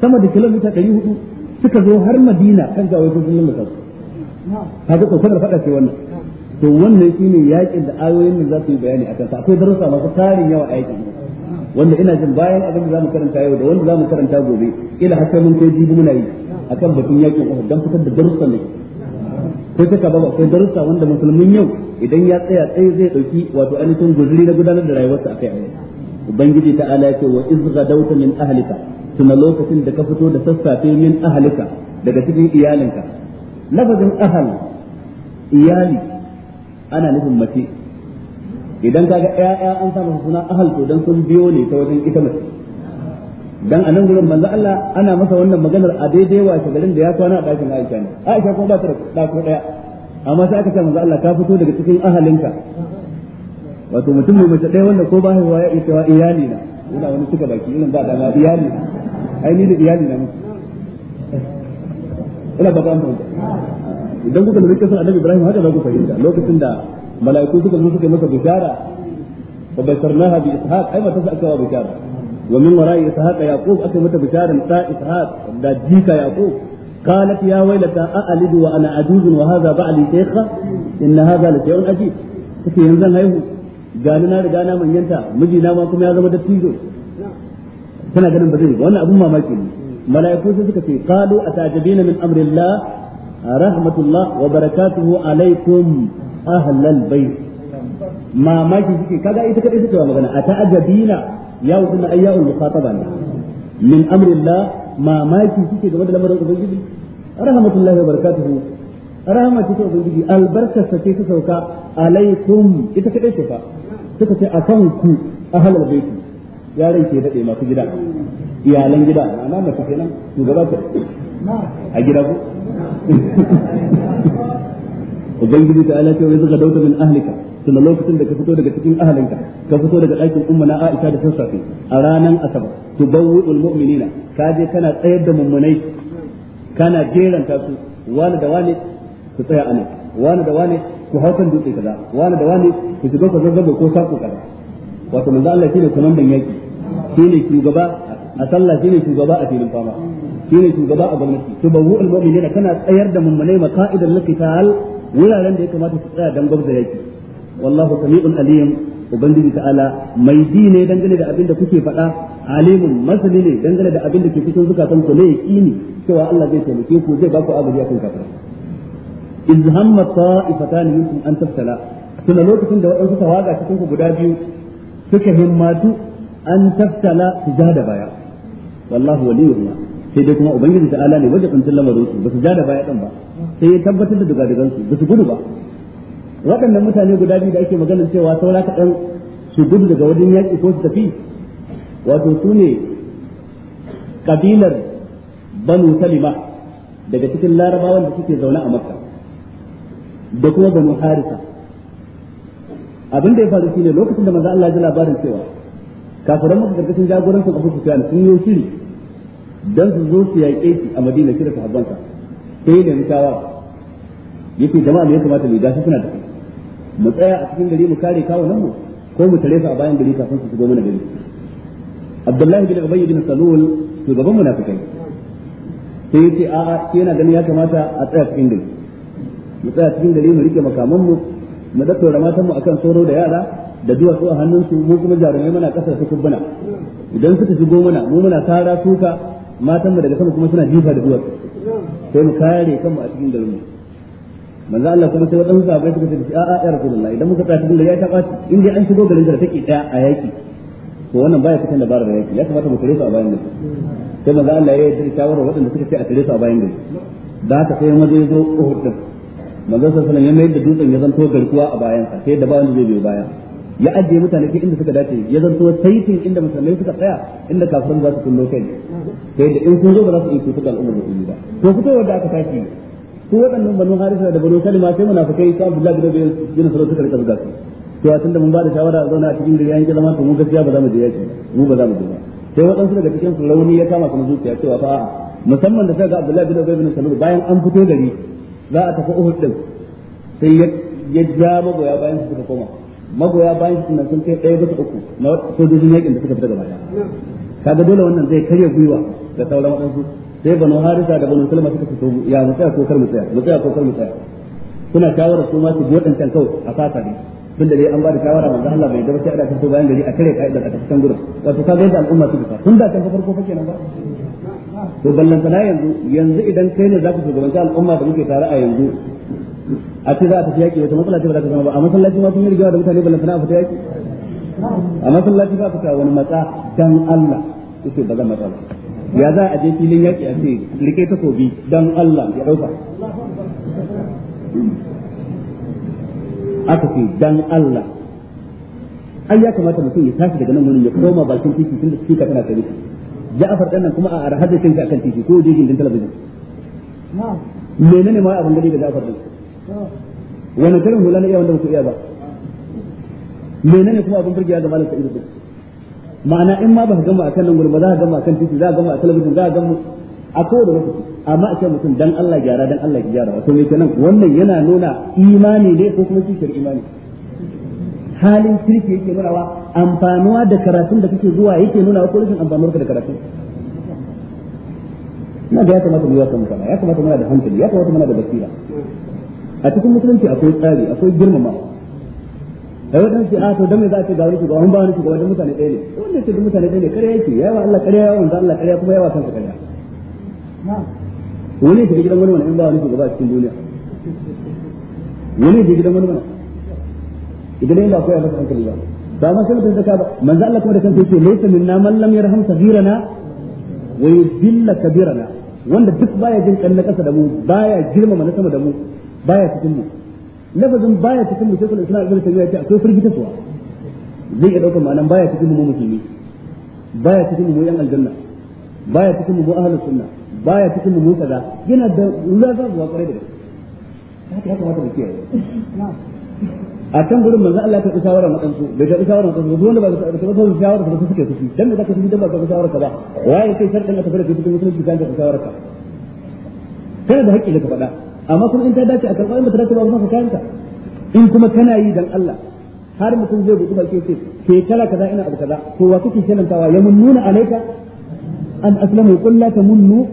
sama da kilomita ɗari hudu suka zo har madina kan gawa ko sun lullaka su ga tsokanar faɗa ce wannan to wannan ne yaƙin da ayoyin nan za su yi bayani akan sa akwai darussa masu tarin yawa a yaƙin wanda ina jin bayan abin da zamu karanta yau da wanda zamu karanta gobe ila hasken mun kai jibi muna yi akan batun yaƙin Uhud don fitar da darussa ne sai ta ba akwai darussa wanda musulmin yau idan ya tsaya tsaye zai dauki wato ainihin guzuri na gudanar da rayuwarsa akai akai ubangiji ta ala ce wa iz gadawta min ahlika tuna lokacin da ka fito da sassafe min ahlika daga cikin iyalinka lafazin ahal iyali ana nufin mace idan kaga ƴaƴa an sa musu suna ahal to dan sun biyo ne ta wajen ita mace dan anan gurin manzo Allah ana masa wannan maganar a daidai wa garin da ya kwana a dakin Aisha ne Aisha kuma ba ta da ko daya amma sai aka ce manzo Allah ka fito daga cikin ahalinka wato mutum mai mace ɗaya wanda ko ba shi ya ita wa iyali na ina wani suka baki irin ba dama iyali na ai ni da iyali na ina ba ta amfani idan kuka lura kisan annabi Ibrahim haka ba ku fahimta lokacin da mala'iku suka zo suka masa bishara wa basharnaha bi ishaq ai mata sa aka wa bishara wa min wara'i ishaqa yaqub aka mata bisharan ta ishaq da jika yaqub قالت يا ويلتى أألد وأنا عجوز وهذا بعلي شيخة إن هذا لشيء عجيب تكي ينزل هيهو gani na riga na manyanta mijina ma kuma ya zama dattijo tana ganin ba zai wannan abun mamaki ne mala'iku sai suka ce qalu atajabina min amrillah rahmatullah wa barakatuhu alaikum ahlal bait mamaki suke kaga ita kadai suke magana atajabina yawo din ai yawo mukhataba ne min amrillah mamaki kike game da lamarin ubangiji rahmatullahi wa barakatuhu rahama ta ubangiji albarkarsa ce ta sauka alaikum ita kadai ce suka ce akan ku ahlul baiti yaran ke dade masu gida iyalan gida ma'ana mace kenan shugaba ta a gida ko ubangiji ta alaka wa yazga dauta min ahlika tunda lokacin da ka fito daga cikin ahalinka ka fito daga ɗakin umma na Aisha da shafi-safi a ranar asabar tubawwi'ul mu'minina ka je kana tsayar da mummunai kana jeranta su wani da wani ku tsaya anan wani da wani ku hau kan dutse kaza wani da wani ku shiga ku zazzaba ko sako kaza wato manzo Allah shine komandan yaki shine shugaba a sallah shine shugaba a filin fama shine shugaba a gwamnati Tu tubawwi'ul mu'minina kana tsayar da mummunai maqa'idan liqital wuraren da ya kamata su tsaya dan gwamnati yaki wallahu sami'un alim ubangiji ta'ala mai ji ne dangane da abin da kuke faɗa alimun masali ne dangane da abin da ke cikin zukatan ku ne yaqini cewa Allah zai taimake ku zai ba ku agaji akan kafir iz hamma ta'ifatan minkum an tafsala tuna lokacin da waɗansu tawaga cikin ku guda biyu suka himmatu an tafsala su ja da baya wallahu waliyuhuma sai dai kuma ubangiji ta'ala ne wajen kuntun lamarin su ba su ja da baya din ba sai ya tabbatar da dugadugan su ba su gudu ba waɗannan mutane guda biyu da ake maganar cewa saura kaɗan su gudu daga wajen yaƙi ko su tafi wato su ne ƙabilar banu salima daga cikin larabawan da suke zaune a makka da kuma banu harisa abin da ya faru shine lokacin da manzo Allah ya labarin cewa kafiran maka karkashin jagorancin Abu Sufyan sun yi shiri don su zo su yaƙe shi a Madina shi da sahabbansa sai ne mutawa yake jama'a mai ya kamata mu gashi suna da mu tsaya a cikin gari mu kare kawunan mu ko mu tare su a bayan gari kafin su shigo mana gari Abdullahi bin ubayy bin Salul shugaban munafikai sai yace a a yana ganin ya kamata a tsaya cikin gari mu tsaya cikin gari mu rike makaman mu mu tsora matan mu akan soro da yara da su a hannunsu mu kuma jarumai muna kasar su kubbuna idan suka shigo mana mu muna tara tuka matan mu daga sama kuma suna jifa da duwa sai mu kare kanmu a cikin garin mu manzo Allah kuma sai wadansu sahabbai suka ce a'a ya rasulullahi idan muka tafi da ya ta baci in dai an shigo garin da take daya a yaki to wannan baya da bar da yaki ya kamata mu kare su a bayan gari sai manzo Allah ya yi shawara waɗanda suka ce a kare su a bayan gari da haka sai mazo ya zo Uhud din manzo sallallahu alaihi wasallam ya mayar da dutsen ya zanto garkuwa a bayan sa sai da bayan zai biyo baya ya ajiye mutane ke inda suka dace ya zanto saitin inda musulmai suka tsaya inda kafiran za su kullo kai sai da in sun zo ba za su iya cutar da al'ummar musulmi ba to fitowar da aka tashi su waɗannan banu harisa da banu kalima sai muna munafikai su abdullahi bin bin bin salo suka rika buga su cewa tunda mun ba da shawara a zauna a cikin gari an yi zama to mun gaskiya ba za mu je yaki mu ba za mu je ba sai waɗansu daga cikin su rauni ya kama su zuciya cewa fa musamman da ga abdullahi bin ubay bin salo bayan an fito gari za a tafi uhud din sai ya ja magoya bayan su suka koma magoya bayan su na sun kai ɗaya ba su uku na sojojin yakin da suka fita gaba ɗaya kaga dole wannan zai karya gwiwa da sauran waɗansu sai banu harisa da banu salma suka fito ya mu tsaya ko kar mu tsaya mu tsaya ko kar mu tsaya suna shawara su ma su biyo dan kan a fasa ne tun da dai an ba da shawara manzo Allah bai da sai ana fito bayan gari a kare kaidar a cikin gurin wato ka ga yadda al'umma su fita tun da kan farko fa kenan ba to ballan sana yanzu yanzu idan kai ne zaka shugabanci al'umma da muke tare a yanzu a ce za a tafi yaki wata matsala ce ba za ka zama ba a masallaci ma sun yi rigawa da mutane ballan sana a fita yaki a masallaci ba ka wani matsa dan Allah yake ba zan matsa ba ya za a je filin yaƙi a ce rike sobi dan Allah ya ɗauka aka ce dan Allah ai ya kamata mutum ya tashi daga nan wurin ya koma bakin titi su suka tana kare Ya a dan nan kuma a arhar da a kan titi ko jigin din talabijin menene ma abin gari da a din wani karin hula na iya wanda ba ku iya ba menene kuma abin burgewa ga malam Sa'idu ma'ana in ma ba ka gama akan nan gurin ba za ka gama akan titi za ka gama a talabijin za ka gama a kowane lokaci amma a ce mutum dan Allah gyara dan Allah gyara wato me kenan wannan yana nuna imani ne ko kuma kishir imani halin kirki yake nuna wa amfanuwa da karatun da kake zuwa yake nuna ko rashin amfanuwarka da karatun na da ya kamata mu yi wata mutane ya kamata muna da hankali ya kamata muna da basira a cikin musulunci akwai tsari akwai girmamawa da wani ce a ah, to dan me za ka ga wani shugaba ba wani shugaba dan mutane ɗaya ne wanda ce duk mutane ɗaya ne kare yake yawa Allah kare yawa wanda Allah kare kuma yawa kansa kare wani shiga gidan wani wani in ba wani shugaba a cikin duniya wani shiga gidan wani wani idan yana koya masa hankali ba ba ma sai da zaka ba manzo Allah kuma da kansa yake laysa minna man lam yarham sabirana wa yudilla kabirana wanda duk baya jin kan na kasa da mu baya girma na sama da mu baya cikin mu lafazin baya cikin mu shekul islam ibn taymiya ce akwai firgitarwa zai iya daukar ma'anan baya cikin mu musulmi baya cikin mu yan aljanna baya cikin mu ahli sunna baya cikin mu kaza yana da zuwa kwarai da gaske haka ya kamata mu kiyaye a kan gurin manzo Allah ta shawara na kansu bai ta shawara na duk wanda ba ta ta ba shawara ta suke su dan da zaka dan ba ta shawara ka ba waye kai shartan ka tafi da cikin musulunci kan ta shawara ka kana da haƙƙi da ka faɗa amma kuma in ta dace a karɓa ba ta dace ba kuma ka kayanta in kuma kana yi dan Allah har mutum zai buɗi baki ce ke kala kaza ina abu kaza to wa kake shelantawa ya munnuna alaika an aslamu qul la tamunnu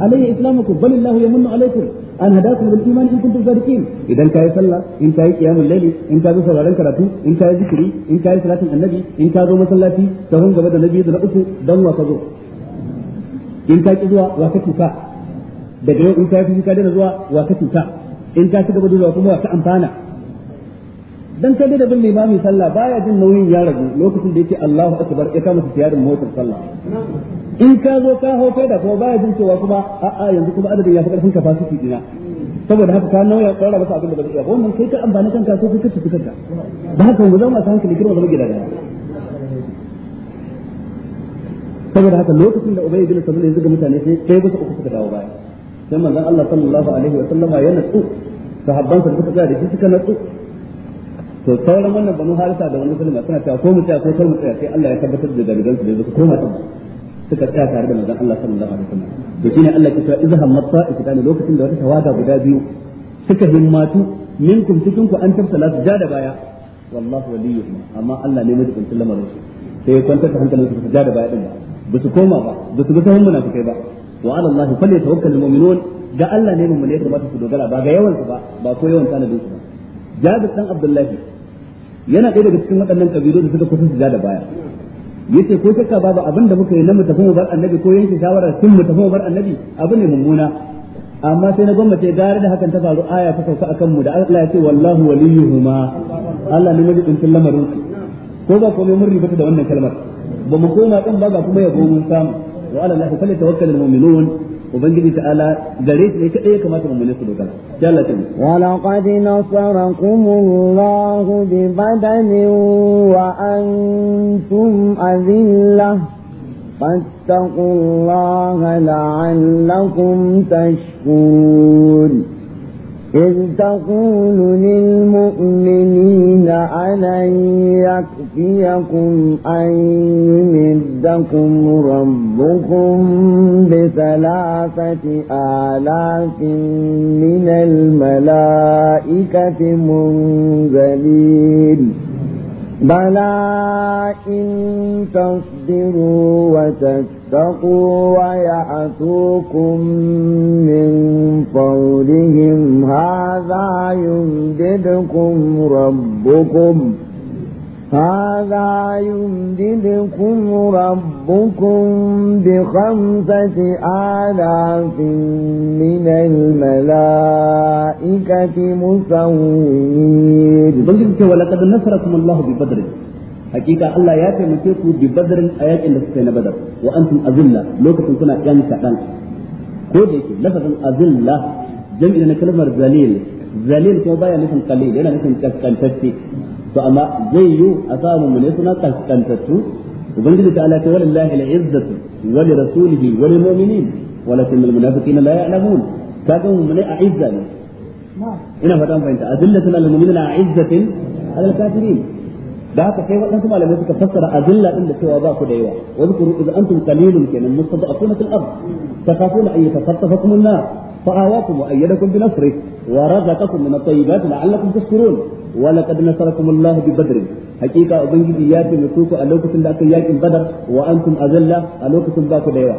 alayya islamukum bal illahu yamunnu alaikum an hadakum bil iman in kuntum sadiqin idan kai sallah in kai qiyamul layli in ka sauraron karatu in kai zikiri in kai salatin annabi in ka zo masallaci sahun gaba da nabi da na uku dan wa ka zo in ka ki zuwa wa kake ka daga yau in ka fi ka daina zuwa wa ka cuta in ka ci gaba da zuwa kuma wa ka amfana dan kai da bin limamin sallah baya jin nauyin ya ragu lokacin da yake Allahu akbar ya kama tiyarin motar sallah in ka zo ka hoto da ko baya jin cewa kuma a'a yanzu kuma adadin ya fi karfin capacity dina saboda haka ka nauya tsara masa abin da ba zai iya wannan kai ka amfani kanka ko kai ka tafi kanka ba haka mu zama hankali girma zama gida saboda haka lokacin da ubayi bin sabul ya zuga mutane sai sai ba su uku suka dawo baya sai manzon Allah sallallahu alaihi wa sallama ya natsu sahabbansa da suka tsaya da shi suka natsu to sauran wannan banu harisa da wani sulma suna cewa ko mu tsaya ko kar mu tsaya sai Allah ya tabbatar da dalilan su da su koma tabbata suka tsaya tare da manzon Allah sallallahu alaihi wa sallam to shine Allah ke cewa idza hammat sa'ikatan lokacin da wata tawaga guda biyu suka himmatu minkum cikin ku an tafsala su ja da baya wallahu waliyuhum amma Allah ne mutum lamarin su sai kwanta ta da hankalin su ja da baya din ba ba su koma ba ba su ga sahun munafikai ba wa ala Allah falyatawakkalul ga Allah ne mu'mini ya su dogara ba ga yawan ba ba ko yawan tanadin su ba Jabir dan Abdullahi yana ɗaya daga cikin waɗannan kabilu da suka kusa su da baya yace ko shakka babu abin da muka yi na mu tafi mu bar annabi ko yanke shawara sun mu tafi mu bar annabi abu ne mummuna amma sai na gwamnati gare da hakan ta faru aya ta sauka akan mu da Allah ya ce wallahu waliyuhuma Allah ne mai dinkin lamarin ko ba komai mun ribata da wannan kalmar ba mu koma din ba ga kuma ya mun samu wa ala allahi almu'minun mu'minun ubangiji ta'ala gare shi ne kadai ya kamata mu'mini su dogara ya Allah ta wa laqad nasarakumullahu bi badanin wa antum azilla فاتقوا la'allakum tashkurun إذ تقول للمؤمنين ألن يكفيكم أن يمدكم ربكم بثلاثة آلاف من الملائكة منزلين بلى إن تصبروا وتتقوا ويأتوكم من فورهم هذا يمددكم ربكم هذا يمددكم ربكم بخمسة آلاف من الملائكة مسومين بلدك ولقد نصركم الله ببدر حقيقة الله يأتي مكيكم ببدر آيات اللي سكين بدر وأنتم أذلة لوكتم كنا يعني كأن كوديك لفظ أذلة جمعنا كلمة ذليل ذليل كما بايا لكم قليل أنا لكم كالكالتسي to amma zai yi a samu mu ne suna kaskantattu ubangiji ta ala ce walillahi al-izzatu wa li rasulihi wa lil mu'minin walakin al munafiqina la ya'lamun kaga mu ne a izza ne ina fatan fahimta azillatun al mu'minina a izzatin al kafirin da haka sai waɗansu malamai suka fassara azilla din da cewa ba ku da yawa wa zkuru idza antum qalilun kenan mustada'afuna fil ard takafuna an yatafattafakum an-nar فآواكم وأيدكم بنصره ورزقكم من الطيبات لعلكم تشكرون ولقد نصركم الله ببدر حقيقة أبنجي ياتي مكوكو ألوكة لأكي ياكي بدر وأنتم أذلة ألوكة باكو ديوة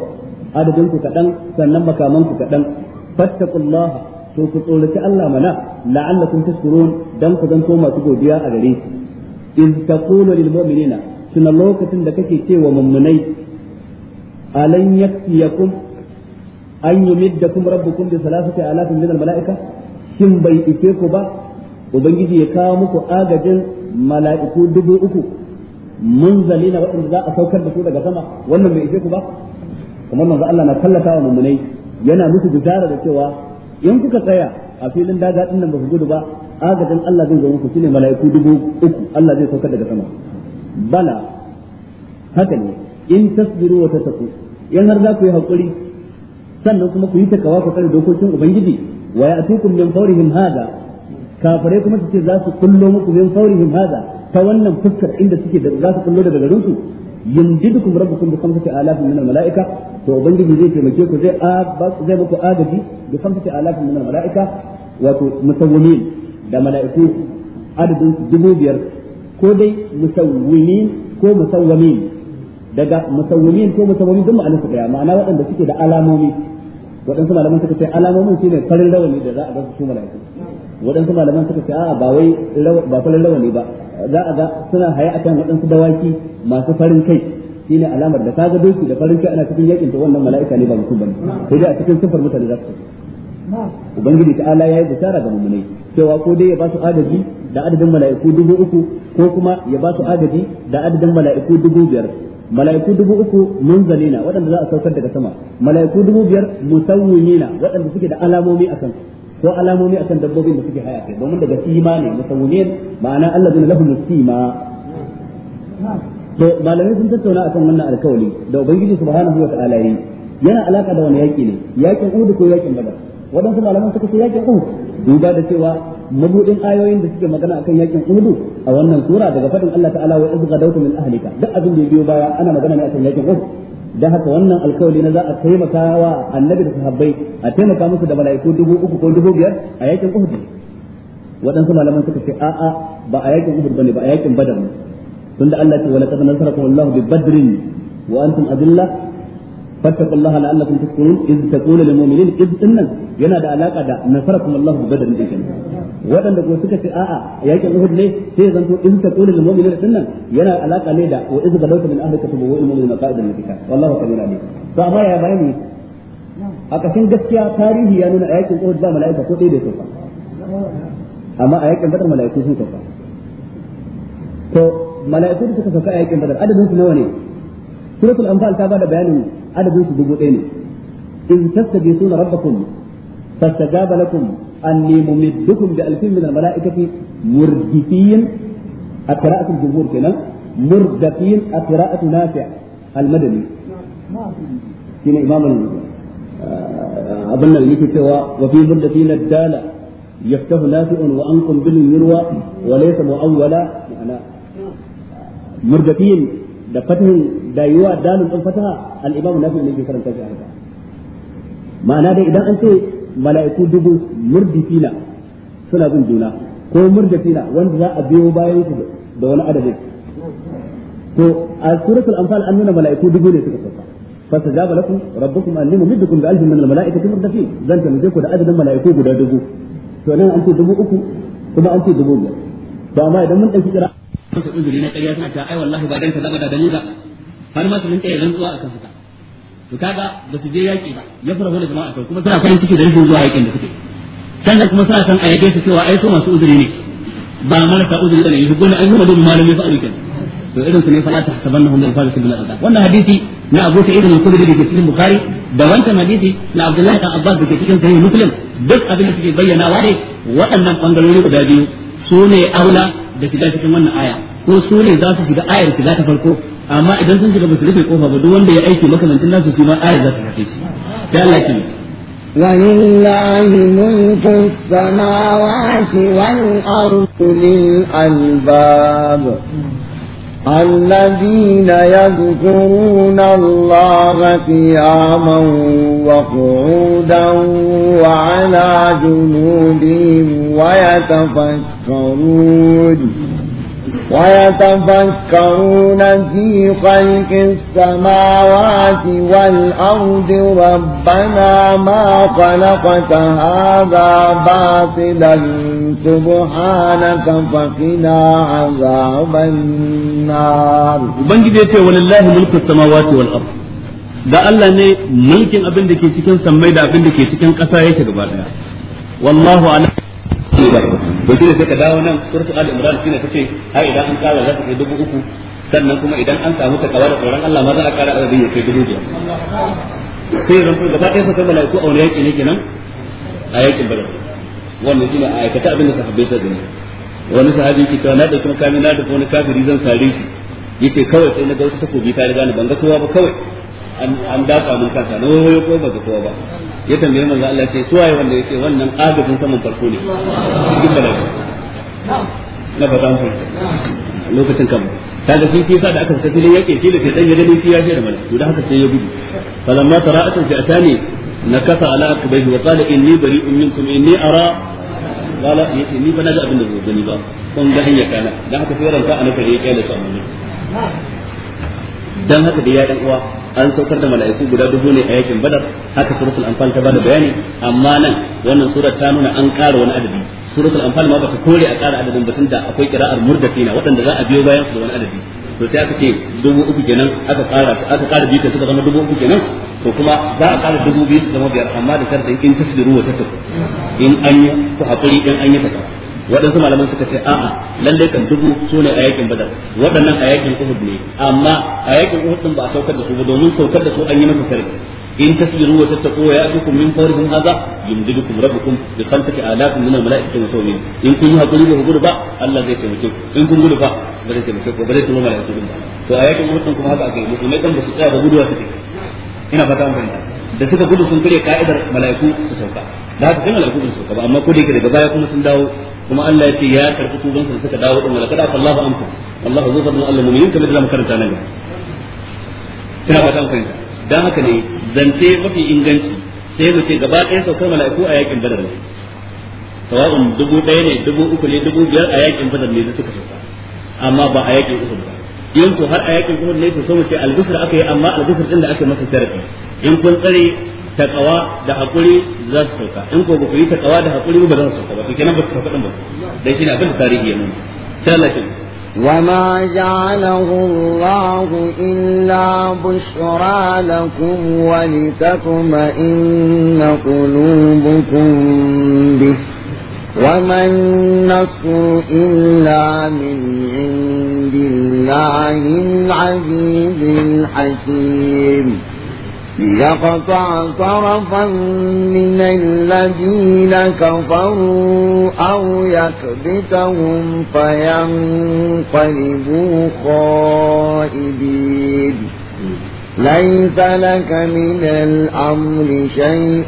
adadinku kaɗan sannan makamanku kaɗan fattakullaha to ta tsoraci Allah mana la'allakum tashkurun dan ku zanto masu godiya a gare shi in taqulu lil tuna lokacin da kake cewa mummunai alan an yi kuma yumiddakum rabbukum bi salasati alafin min mala'ika. shin bai ise ku ba ubangiji ya kawo muku agajin mala'iku dubu uku Mun munzalina waɗanda za a saukar da su daga sama wannan bai ise ku ba kamar manzo Allah na tallata wa mummunai yana musu bishara da cewa in kuka tsaya a filin daga ɗin nan ba ku gudu ba agajin Allah zai zo muku shine mala'iku dubu uku Allah zai saukar daga sama bala haka ne in tasbiru wa tattaqu in har za ku yi haƙuri? sannan kuma ku yi takawa ku kare dokokin ubangiji wa ya'tukum min fawrihim hada kafare kuma su ce za su kullo muku min fawrihim hada ta wannan fuskar inda suke da za su kullo daga garin su yumdidukum rabbukum bi khamsati alafin min almalaika to ubangiji zai taimake ku zai zai muku agaji bi khamsati alafin min almalaika wato musawwimin da mala'iku adadin dubu biyar ko dai musawwimin ko musawwimin daga musawwimin ko musawwimin duk su daya ma'ana waɗanda suke da alamomi waɗansu malaman suka ce alamomin shine farin rawani da za a ga su mala'iku waɗansu malaman suka ce a'a ba wai ba farin rawani ba za a ga suna haya akan waɗansu dawaki masu farin kai shine alamar da kaga doki da farin kai ana cikin yakin to wannan mala'ika ne ba mutum bane sai dai a cikin sifar mutane za su ubangiji ta ala yi bishara ga mummunai cewa ko dai ya ba su adadi da adadin mala'iku dubu uku ko kuma ya ba su adadi da adadin mala'iku dubu biyar mala'iku dubu uku munzalina waɗanda za a saukar daga sama mala'iku dubu biyar musawwimina waɗanda suke da alamomi a kan ko alamomi a kan dabbobin da suke haya kai domin daga sima ne musawwimin ma'ana Allah zai lahum sima to malamai sun tattauna akan wannan alkawali da ubangiji subhanahu wa ta'ala yi yana alaka da wani yaki ne yakin Uhud ko yakin Badar waɗansu malaman suka ce yakin Uhud duba da cewa mabudin ayoyin da suke magana akan yakin Uhud a wannan sura daga fadin Allah ta'ala wa izga dawka min ahlika duk abin da ya biyo baya ana magana ne akan yakin Uhud dan haka wannan alkawari na za a taimaka wa annabi da sahabbai a taimaka musu da mala'iku dubu uku ko dubu biyar a yakin Uhud waɗansu malaman suka ce a'a ba a yakin Uhud bane ba a yakin Badar ne tunda Allah ce wa laqad nasarakum Allahu bi Badrin wa antum adillah فاتقوا الله لعلكم تشكرون اذ تقول للمؤمنين اذ انن yana da alaka da nasarakum Allah bi badr wadanda ko suka ce a'a yakin Uhud ne sai zanto in taqulu lil mu'minina dinnan yana alaka ne da wa iz gadawta min ahlika tubawwa lil mu'minina qa'ida min kitab wallahu kabir alim to amma ya bayani a kashin gaskiya tarihi ya nuna yakin Uhud ba mala'ika ko dai bai sofa amma a yakin Badr mala'iku sun sofa to mala'iku da suka soka a yakin Badr adadin su nawa ne سورة الأنفال تابع بيانه على بيس دبوئين إذ تستجيسون ربكم فاستجاب لكم أني ممدكم بألف من الملائكة مردفين قراءة الجمهور كنا مردفين قراءة نافع المدني كنا إمام آه، أظن الملك سوى وفي مردفين الدالة يفته نافع وأنكم بالمروى وليس مؤولا يعني da fatihin da yiwa dalil din fataha al-imam nafi ne ke karanta shi haka ma'ana dai idan an ce mala'iku dubu murdi fila suna bin juna ko murdi fila wanda za a biyo bayan su da wani adadin to a suratul anfal an nuna mala'iku dubu ne suka sauka فاستجاب لكم ربكم اني ممدكم بالف من zan مردفين زن تمدكم da adadin mala'iku guda dubu to nan an ce dubu uku kuma an ce dubu biyar to amma idan mun dauki kira kusa uzuri na ƙarya suna cewa ai wallahi ba danka zaba da dani ba har ma su rinƙa yin rantsuwa a kan haka to kaga ba su je yaƙi ba ya fara wani jama'a kai kuma suna farin ciki da rashin zuwa yaƙin da suke sannan kuma suna san a yaƙe su cewa ai su masu uzuri ne ba marasa uzuri ne yi gona an gama dole malamai fa arikan to irin su ne fa la tahsabannahum bil falasi sabbin azab wannan hadisi na Abu sai irin khudri da ke cikin bukari da wancan hadisi na Abdullahi dan Abbas da ke cikin sahihin Muslim duk abin da suke bayyana wa ne waɗannan ɓangarori guda biyu su ne aula da shiga cikin wannan aya ko su ne za su shiga ayar shiga ta farko amma idan sun shiga ba su rufe kofa ba duk wanda ya aiki makamancin nasu shi ma ayar za su shafe shi sai Allah ya ولله ملك السماوات والأرض الذين يذكرون الله قياما وقعودا وعلى جنوبهم ويتفكرون يتفكرون ويتفكرون في خلق السماوات والأرض ربنا ما خلقت هذا باطلا سبحانك فقنا عذاب النار بنجد يتي ولله ملك السماوات والأرض da Allah ne mulkin abin da ke cikin sammai da abin da ke cikin ƙasa yake gaba daya wallahu a'lam sai ba to shi ne sai ka dawo nan suratu al-imran shine tace ai idan an kara za ta kai dubu uku sannan kuma idan an samu ta kawar da tsoron Allah ma za a kara adadin ya kai dubu biyar sai ran ko gaba ɗaya sai malaiku a wani yaki ne kenan a yakin bada wannan shine a aikata abin da sahabbai suka gani wani sahabi ke cewa na dauki makami na dauki wani kafiri zan sare shi yace kawai sai na ga wata takobi ta riga ni ban ga kowa ba kawai an dafa mun kansa na wayo ko ba ga kowa ba ya tambaye manzo Allah sai suwaye wanda yake wannan agajin saman farko ne duk da na ba dan furta lokacin kan kaga shi shi da aka fita filin yake shi da sai dan ya gani shi ya da mal to da haka sai ya gudu falamma tara'atan fi atani nakasa ala akbayhi wa qala inni bari'un minkum inni ara qala inni ni da abin da zo gani ba kun ga hanya kana dan haka sai ranka anaka ya kai da amma dan haka da ya dan uwa an saukar da mala'iku guda dubu ne a yakin badar haka suratul anfal ta bada bayani amma nan wannan surar ta nuna an ƙara wani adadi suratul anfal ma bata kore a ƙara adadin batun da akwai qira'ar murdatina waɗanda za a biyo bayan su da wani adadi to sai aka ce dubu uku kenan aka ƙara aka ƙara biyu suka zama dubu uku kenan to kuma za a ƙara dubu biyu su zama biyar amma da sharɗin in tasdiru wa tattaku in an yi ku haƙuri in an yi ta. waɗansu malaman suka ce a'a lallai kan dubu su ne a yakin badar waɗannan a yakin uhud ne amma a yakin uhud din ba a saukar da su ba domin saukar da su an yi masa sarki in tasiru wa tattaqu wa ya'tukum min fawrihim hadha yumdidukum rabbukum bi khamsati alafin min al-mala'ikati sawmin in kun yi hakuri da gudu ba Allah zai taimake ku in kun gudu ba ba zai taimake ku ba zai taimake mala'iku ba to a yakin uhud kuma haka ake musulmai kan ba su tsaya da guduwa take ina fata amfani da suka gudu sun kure ka'idar mala'iku su sauka da haka kuma mala'iku su sauka ba amma ko da yake daga baya kuma sun dawo kuma Allah ya ce ya karbi tuban su suka dawo din malaka da Allahu amfa Allahu zuwa da Allah mu'minin kamar da makaranta nan ina fata amfani da haka ne zance mafi inganci sai mu ce gaba ɗaya saukar mala'iku a yakin badar ne sawa'un dubu ɗaya ne dubu uku ne dubu biyar a yakin badar ne da suka sauka amma ba a yakin uhud ba in ko har a yakin Uhud ne to so mu ce albisir aka yi amma albisir din da aka masa sharadi in kun tsare takawa da hakuri za su sauka in ko ba ku yi takawa da hakuri ba za su sauka ba to kenan ba su sauka din ba dai shine abin da tarihi ya nuna sai Allah ya وما جعله الله إلا بشرى لكم ولتطمئن قلوبكم به وما النصر إلا من عند بالله العزيز الحكيم ليقطع طرفا من الذين كفروا أو يكبتهم فينقلبوا خائبين ليس لك من الأمر شيء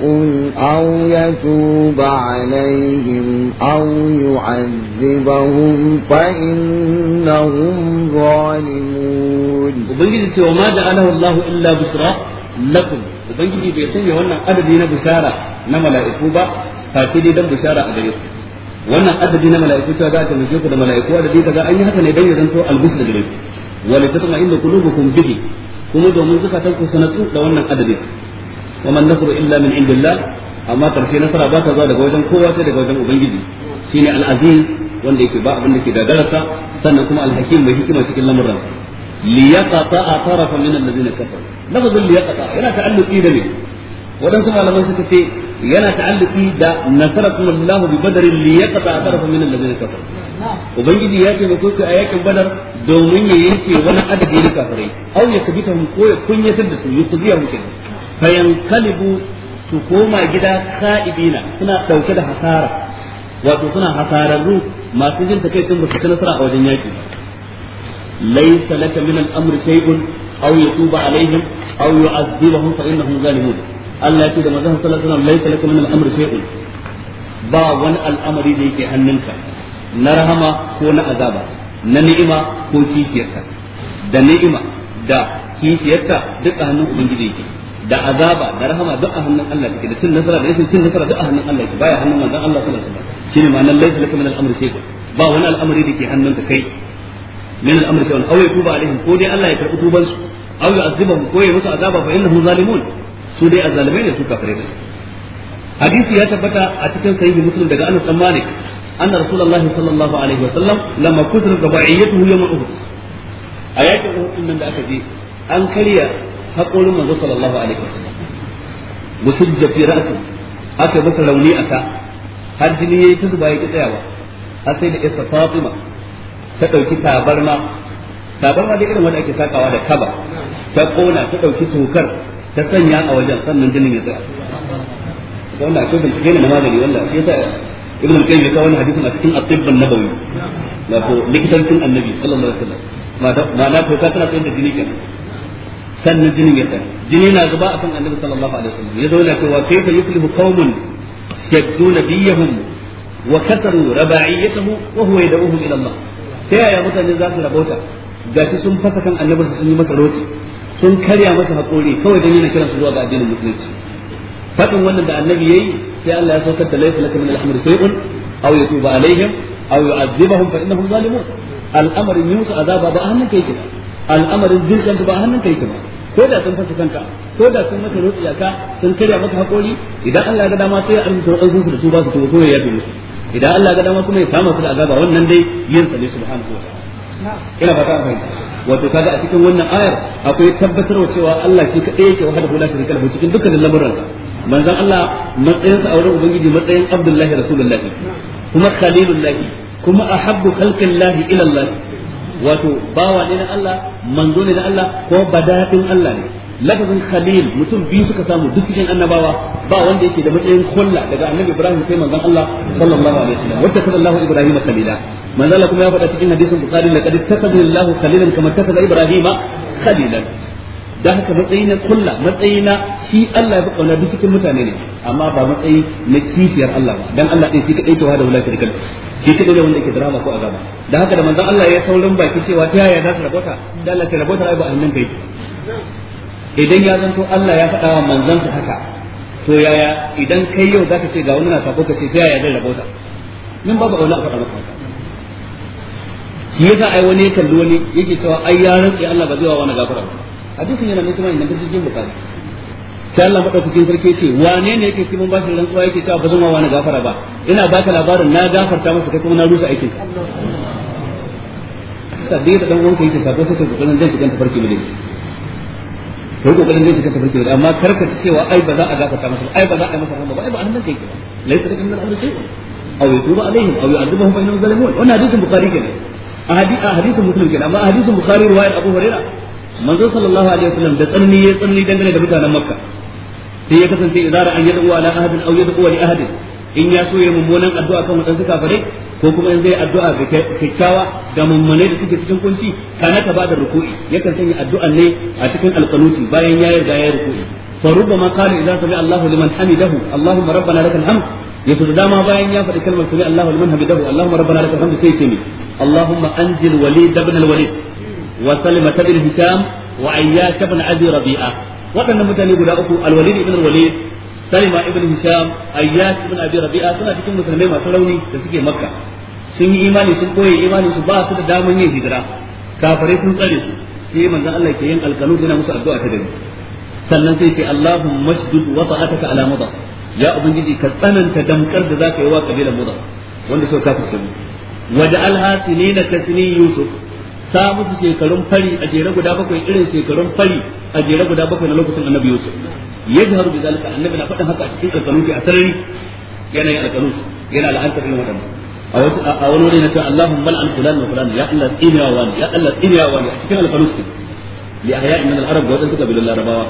أو يتوب عليهم أو يعذبهم فإنهم ظالمون وبنجد وما جعله الله إلا بشرى لكم وبنجد بيسمي وانا أددين بشارة نملائكو با فاكيدي دم بشارة أدريكم wannan adadi na mala'iku cewa za ta mace ku da mala'iku adadi kaga an yi haka ne dan ya zanto albus da gare ku wa litatma inna qulubukum bihi kuma domin zukatan ku sanatu da wannan adadin wa man nasru illa min indillah amma karshe nasara ba ta zuwa daga wajen kowa sai daga wajen ubangiji shine al-aziz wanda yake ba abin da ke darasa sannan kuma al-hakim mai hikima cikin lamuran liyaqata tarafa min alladhina kafaru lafazin liyaqata yana ta'alluqi da ne waɗansu malaman suka ce yana ta'alluki da nasarakum Allah bi badrin li yaqta tarafa min alladhina kafar ubangiji ya taimako ku a yakin badar domin ya yanke wani adadi na kafirai ya kubita mu ko kunyatar da su yukuziya mu fa yankalibu su koma gida sa'ibina suna dauke da hasara wato suna hasararru masu jin takaitun ba su ci nasara a wajen yaki laysa laka min al-amri shay'un aw yatuba alaihim aw yu'adhibahum fa innahum zalimun Allah ya ce da manzon sallallahu alaihi wasallam laisa lakum min al-amri shay'un ba wani al'amari da yake hannunka na rahama ko na azaba na ni'ima ko kishiyarka da ni'ima da kishiyarka duk a hannun ubangiji yake da azaba da rahama duk a hannun Allah take da cin nasara da rashin cin nasara duk a hannun Allah take baya hannun manzon Allah sallallahu alaihi wasallam shine ma'anar laisa lakum min al-amri shay'un ba wani al'amari da ke hannunka kai min al-amri shay'un aw yatuba alaihim ko dai Allah ya karbi tubansu aw yu'azibahum ko ya musu azaba fa innahum zalimun su dai azzalimai ne su kafirai ne hadisi ya tabbata a cikin sahihi muslim daga Anas bin Malik anna rasulullah sallallahu alaihi wa sallam lamma kutira gabaiyatuhu yawm uhud a yakin uhud nan da aka je an karya hakorin manzo sallallahu alaihi wa sallam musujja fi ra'si aka masa rauni a ka har jini yayi ta zuba yake tsayawa har sai da isa Fatima ta dauki tabarma tabarma da irin wanda ake sakawa da kaba ta kona ta dauki tokar ta sanya a wajen sannan jinin ya tsaya Wannan akwai bincike ne na magani wanda shi yasa ibn al-qayyim ya kawo wannan hadisin a cikin at-tibb an-nabawi wato likitancin annabi sallallahu alaihi wasallam ma'ana ko ka tana tsayar da jini kenan sannan jinin ya tsaya jini na zuba a akan annabi sallallahu alaihi wasallam ya zauna cewa kayfa yuflihu qaumun shaddu nabiyahum wa kasaru raba'iyatahu wa huwa yad'uhum ila Allah ta yaya mutane za su rabota gashi sun fasa kan annabi sun yi masa roti sun karya masa haƙori kawai dan yana kiransu zuwa ga addinin musulunci faɗin wannan da annabi yayi sai Allah ya saukar da laysa lakum min al-amri shay'un aw yatuba alaihim aw yu'adhibahum fa innahum zalimun al'amarin yusu azaba ba a hannun kai kina al'amarin zirkan ba a hannun kai kina ko da sun fasa kanka ko da sun maka rotsi ka sun karya maka haƙori idan Allah ya ga dama sai ya arzuta wadansu su da su ba su tuba ko ya yabe musu idan Allah ya ga dama kuma ya kama su da azaba wannan dai yin sa ne subhanahu wa ta'ala ina ba ta bai wato kaga a cikin wannan ayar akwai wa cewa Allah shi kadai yake wahada hula shirka lahu cikin dukkanin lamuran manzon Allah matsayin sa auren ubangiji matsayin Abdullahi Rasulullahi kuma Khalilullahi kuma ahabbu khalqillahi ila Allah wato bawa ne na Allah manzo ne na Allah ko badadin Allah ne lafazin khalil mutum biyu suka samu duk cikin annabawa ba wanda yake da matsayin kulla daga annabi ibrahim sai manzon Allah sallallahu alaihi wasallam wata sallallahu ibrahim khalila manzon Allah kuma ya faɗa cikin hadisin bukhari laqad takhadha Allahu khalilan kama takhadha ibrahim khalilan da haka matsayi na kulla matsayi na shi Allah ya fi kauna duk cikin mutane ne amma ba matsayi na kishiyar Allah ba dan Allah ɗin shi kadai tawa da wala shirkal shi kadai ne wanda yake drama ko azaba da haka da manzon Allah ya saurin baki cewa ta yaya za su rabota da Allah ta rabota ai ba annan kai idan ya zanto Allah ya faɗa wa manzansa haka to yaya idan kai yau zaka ce ga wani na sako ka ce ta yaya zai rabota min babu aula a faɗa maka shi yasa ai wani ya kalli wani yake cewa ai ya rantsi Allah ba zai wa wani gafara ba hadisin yana nufin inda kace cikin bukari sai Allah madaukakin sarki ce wane ne yake cikin bashin rantsuwa yake cewa ba zan wa wani gafara ba ina baka labarin na gafarta masa kai kuma na rusa aikin ka sabbi da dan uwanka yake sako sai ka gudanar da zan kan tafarki mu da shi kai kokarin zai cika tafarki da amma karka cewa ai ba za a gafarta masa ai ba za a yi masa rahama ba ai ba annan kai ke laisa ta nan Allah sai aw yatuba alaihim aw yu'adhibuhum fa innahum zalimun wannan hadisin bukhari kenan a hadisin muslim kenan amma hadisin bukhari riwayar abu hurairah manzo sallallahu alaihi wasallam da tsanni ya tsanni dangane da mutanen makka sai ya kasance idara an yadu ala ahadin aw yadu li ahadin in ya so ya mummunan addu'a kan wadansu kafirai ko kuma in zai addu'a kyakkyawa ga mummunai da suke cikin kunci kana ta bada ruku'i yakan sanya addu'an ne a cikin alqanuti bayan ya yarda ya ruku'i fa rubbama qala idza sami Allahu liman hamidahu Allahumma rabbana lakal hamd yato da dama bayan ya faɗi kalmar sami Allahu liman hamidahu Allahumma rabbana lakal hamd sai ce Allahumma anjil walid ibn al-walid wa salimata bin hisham wa ayyash ibn abi rabi'a waɗannan mutane guda uku al-walid ibn al-walid salima ibn hisham ayyas ibn abi rabi'a suna cikin musulmai masu rauni da suke makka sun yi imani sun koye imani su ba su da daman yin hijira kafirai sun tsare su sai manzon Allah ke yin alkanu yana musu addu'a ta dare sannan sai ce Allahu shdud wa ta'ataka ala mudar ya ubangiji ka tsananta damkar da zaka yi wa kabilan mudar wanda suka kafirce mu waj'alha sinina tasni yusuf sa musu shekarun fari a jere guda bakwai irin shekarun fari a jere guda bakwai na lokacin annabi yusuf yajharu bi zalika annabi na faɗin haka a cikin alƙalusi a sarari yana yin alƙalusi yana la'anta irin waɗannan a wani a wani wuri na ce Allahumma la'an fulan wa fulan ya Allah tsinewa wani ya Allah tsinewa wani a cikin alƙalusi li ahya'i min al-arab wa wadansu kabilun larabawa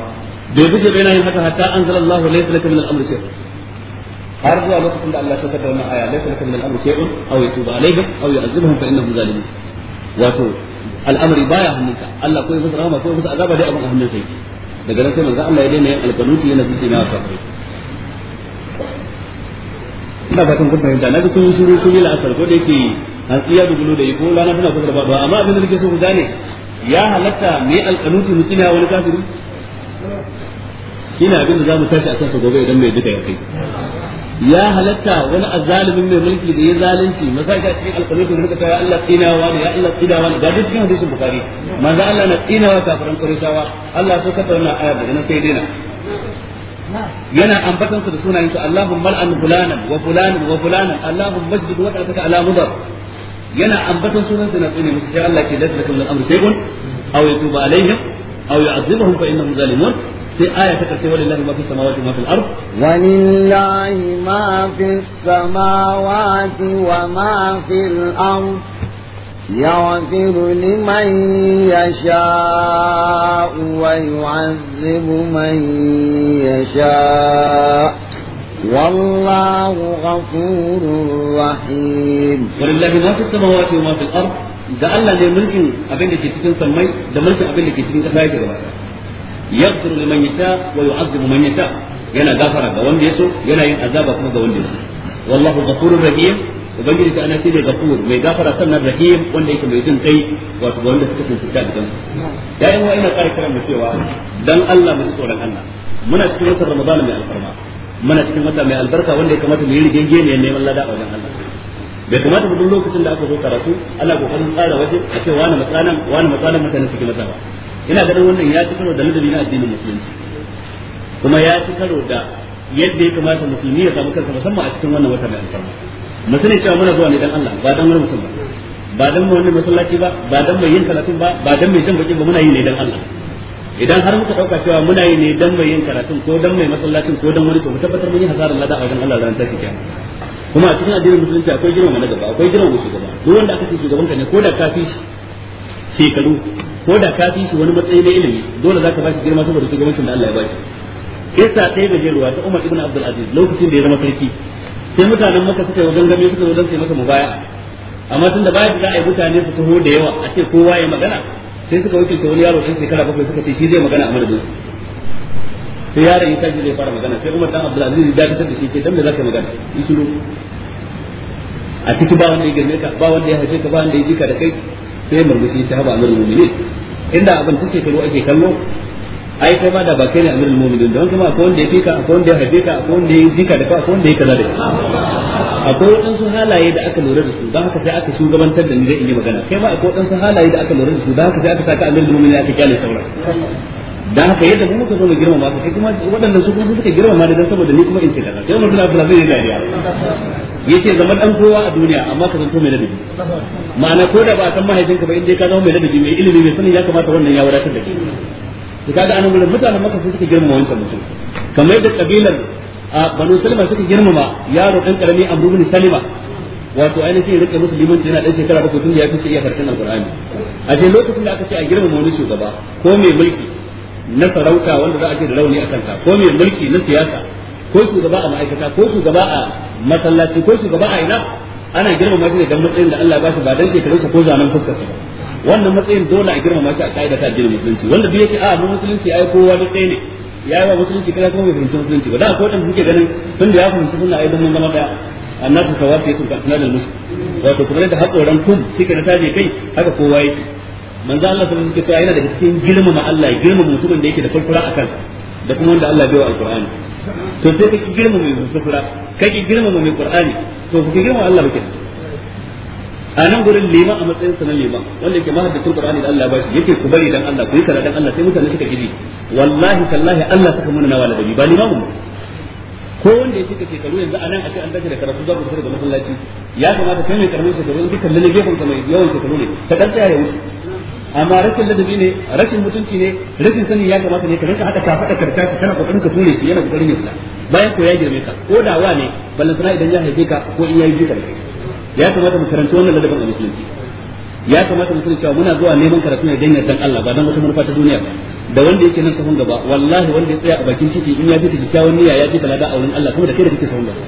bai bi bai na yin haka hatta anzalallahu laysa laka min al-amri shay'un har zuwa lokacin da Allah ya da wannan aya laysa lakum min al-amri shay'un aw yatubu alayhim aw yu'adhibuhum fa innahum zalimun wato al'amari baya hannunka Allah ko ya musu rahama ko ya musu azaba dai abin hannun sai daga nan sai manzo Allah ya daina yin alqanuti yana cikin na kafirai ina ba tun kun fahimta na kun shiru kun yi la'asar ko da yake an hasiya da gulo da yi ko rana tana kusa da ba amma abin da nake so ku gane ya halatta mai alqanuti musulmi a wani kafiri shine abin da za mu tashi a kansa gobe idan mai duka ya kai ya halatta wani azalimin mai mulki da ya zalunci masaka cikin alƙalmi da rika ta Allah tsinawa ne ya Allah tsinawa ne ga duk cikin hadisin bukari manzo Allah na tsinawa kafiran qurayshawa Allah so ka tauna aya daga nan sai dena yana ambatan su da sunayen su Allahumma al'an fulanan wa fulanan wa fulanan Allahumma masjid wa ta'ataka ala mudar yana ambatan sunan su na tsine musu sai Allah ke da lakum al-amr shay'un aw yatuba alaihim aw yu'adhibuhum fa innahum zalimun sai aya ta karshe walillahi ma fi samawati ma fil ard walillahi ma fi samawati wa ma fil ard يغفر لمن يشاء ويعذب من يشاء والله غفور رحيم ولله ما في السماوات وما في الأرض ده الله ne mulkin abin da ke cikin da mulkin gaba yaghfiru liman yasha wa yu'adhibu man yasha yana gafara ga wanda yaso yana yin azaba kuma ga wanda yaso wallahu ghafurur rahim ubangiji ta ana shine ghafur mai gafara sannan rahim wanda yake mai jin kai wato ga wanda suka tuntuta da kansu Da wa ina kare kiran mu cewa dan Allah mu tsoron Allah muna cikin watan Ramadan mai alfarma muna cikin wata mai albarka wanda ya kamata mu yi rigenge ne neman lada a wajen Allah bai kamata duk lokacin da aka zo karatu ana kokarin tsara waje a ce wani matsalan wani matsalan mutane suke masa ba ina ganin wannan ya ci karo da ladabi na addinin musulunci kuma ya ci karo da yadda ya kamata musulmi ya samu kansa musamman a cikin wannan wata mai alfarma mutum cewa muna zuwa ne dan Allah ba dan wani mutum ba ba dan wani masallaci ba ba dan mai yin karatun ba ba dan mai jin baki ba muna yi ne dan Allah idan har muka dauka cewa muna yi ne dan mai yin karatun ko dan mai masallacin ko dan wani to mu tabbatar mun yi hasarar lada a wajen Allah an tashi kiyama kuma a cikin addinin musulunci akwai girma na gaba akwai girma shugaba duk wanda aka ce shugaban ka ne ko da ka fi shekaru ko da ka fi shi wani matsayi na ilimi dole zaka ba shi girma saboda gamancin da Allah ya ba shi sai da jeruwa ta Umar ibn Abdul Aziz lokacin da ya zama sarki sai mutanen maka suka yi gangami suka zo don sai masa mubaya amma tun da baya da za a yi mutane su taho da yawa a ce kowa ya magana sai suka wakilta wani yaro ɗan shekara bakwai suka ce shi zai magana a madadin su sai yaron ya tashi zai fara magana sai Umar dan Abdul Aziz ya dakatar da shi ke dan me zaka magana in shiru a ciki ba wanda ya girme ka ba wanda ya haife ka ba wanda ya jika da kai sai murmushi ta haba amir mu'minin inda abin ta shekaru ake kallo ai kai ma da ba kai ne amir mu'minin don kuma akwai wanda ya fika akwai wanda ya haife ka akwai wanda ya zika da ka akwai wanda ya kaza da ka akwai waɗansu halaye da aka lura da su don haka sai aka shugabantar da ni zai yi magana kai ma akwai waɗansu halaye da aka lura da su don haka sai aka saka amir mu'minin aka kyale sauran dan haka yadda kuma muka zo mu girma ka kai kuma waɗannan su kuma suka girmama ni dan saboda ni kuma in ce kaza sai Umar bin Abdul Aziz ya dariya yace zama dan kowa a duniya amma ka zanto mai ladabi ma'ana ko da ba san mahaifinka ba in dai ka zama mai ladabi mai ilimi mai sani ya kamata wannan ya wadatar da kai to kaga anan gurin mutanen maka su suka girma wancan mutum kamar yadda kabilar banu salma suka girmama yaro dan karami amru bin salima wato ainihin ya rike musulmanci yana dan shekara bakwai tun da ya fice iya karatun alqur'ani a ce lokacin da aka ce a girmama wani shugaba ko mai mulki na sarauta wanda za a ce da rauni a kansa ko mai mulki na siyasa ko shugaba a ma'aikata ko shugaba a masallaci ko shugaba a ina ana girmama shi ne dan matsayin da Allah ya bashi ba dan shekarunsa ko zanen fuskarsa wannan matsayin dole a girmama shi a ka'ida ta addinin musulunci wanda duk yake a mu musulunci ai kowa da tsaye ne ya yi wa musulunci kaza kuma bai fahimci musulunci ba da akwai wanda suke ganin tun da ya fahimci suna ai mun zama daya annasu kawai sai tun ka tunan musu wato kuma da haƙoran kun suke na taje kai haka kowa yake manzo Allah sun yake yana daga cikin girmama Allah girmama mutumin da yake da furfura a kansa da kuma wanda Allah bai wa alqur'ani to sai kake girmama mai furfura kake girmama mai qur'ani to kake girmama Allah bake a nan gurin lima a matsayin sa na lima wanda yake mahaddacin qur'ani da Allah ya shi yake ku bari dan Allah ku yi kaza dan Allah sai mutane suka gidi wallahi tallahi Allah saka muna nawa ladabi ba limamu ko wanda ya fika shekaru yanzu a nan a ce an dace da karatu za ku fita daga masallaci ya kamata kai mai karamin shekaru in dukkan lalle gefen ka mai yawan shekaru ne ka dan tsaya ya wuce amma rashin ladabi ne rashin mutunci ne rashin sani ya kamata ne ka rinka haka kafa da karta ka kana kokarin ka tone shi yana kokarin ya fita bayan ko ya girme ka ko da wa ne ballan sana idan ya haife ka ko in yayi jikar ya kamata mu karanta wannan ladabin a musulunci ya kamata mu sani cewa muna zuwa neman karatu ne dan yardan Allah ba dan wata manufa ta duniya ba da wanda yake nan sahun gaba wallahi wanda ya tsaya a bakin titi in ya ji kyakkyawan niyya ya ji balaga a wurin Allah kuma da kai da kake sahun gaba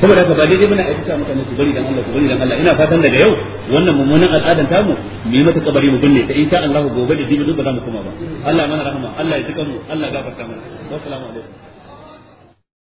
saboda haka ba daidai bane a kisa mutane su bari dan Allah su bari dan Allah ina fatan daga yau wannan mummunan al'adan ta mu yi mata kabari mu binne ta insha Allah gobe da dibi duk ba za mu koma ba Allah mana rahama Allah ya tuka mu Allah ya gafarta mana wassalamu alaikum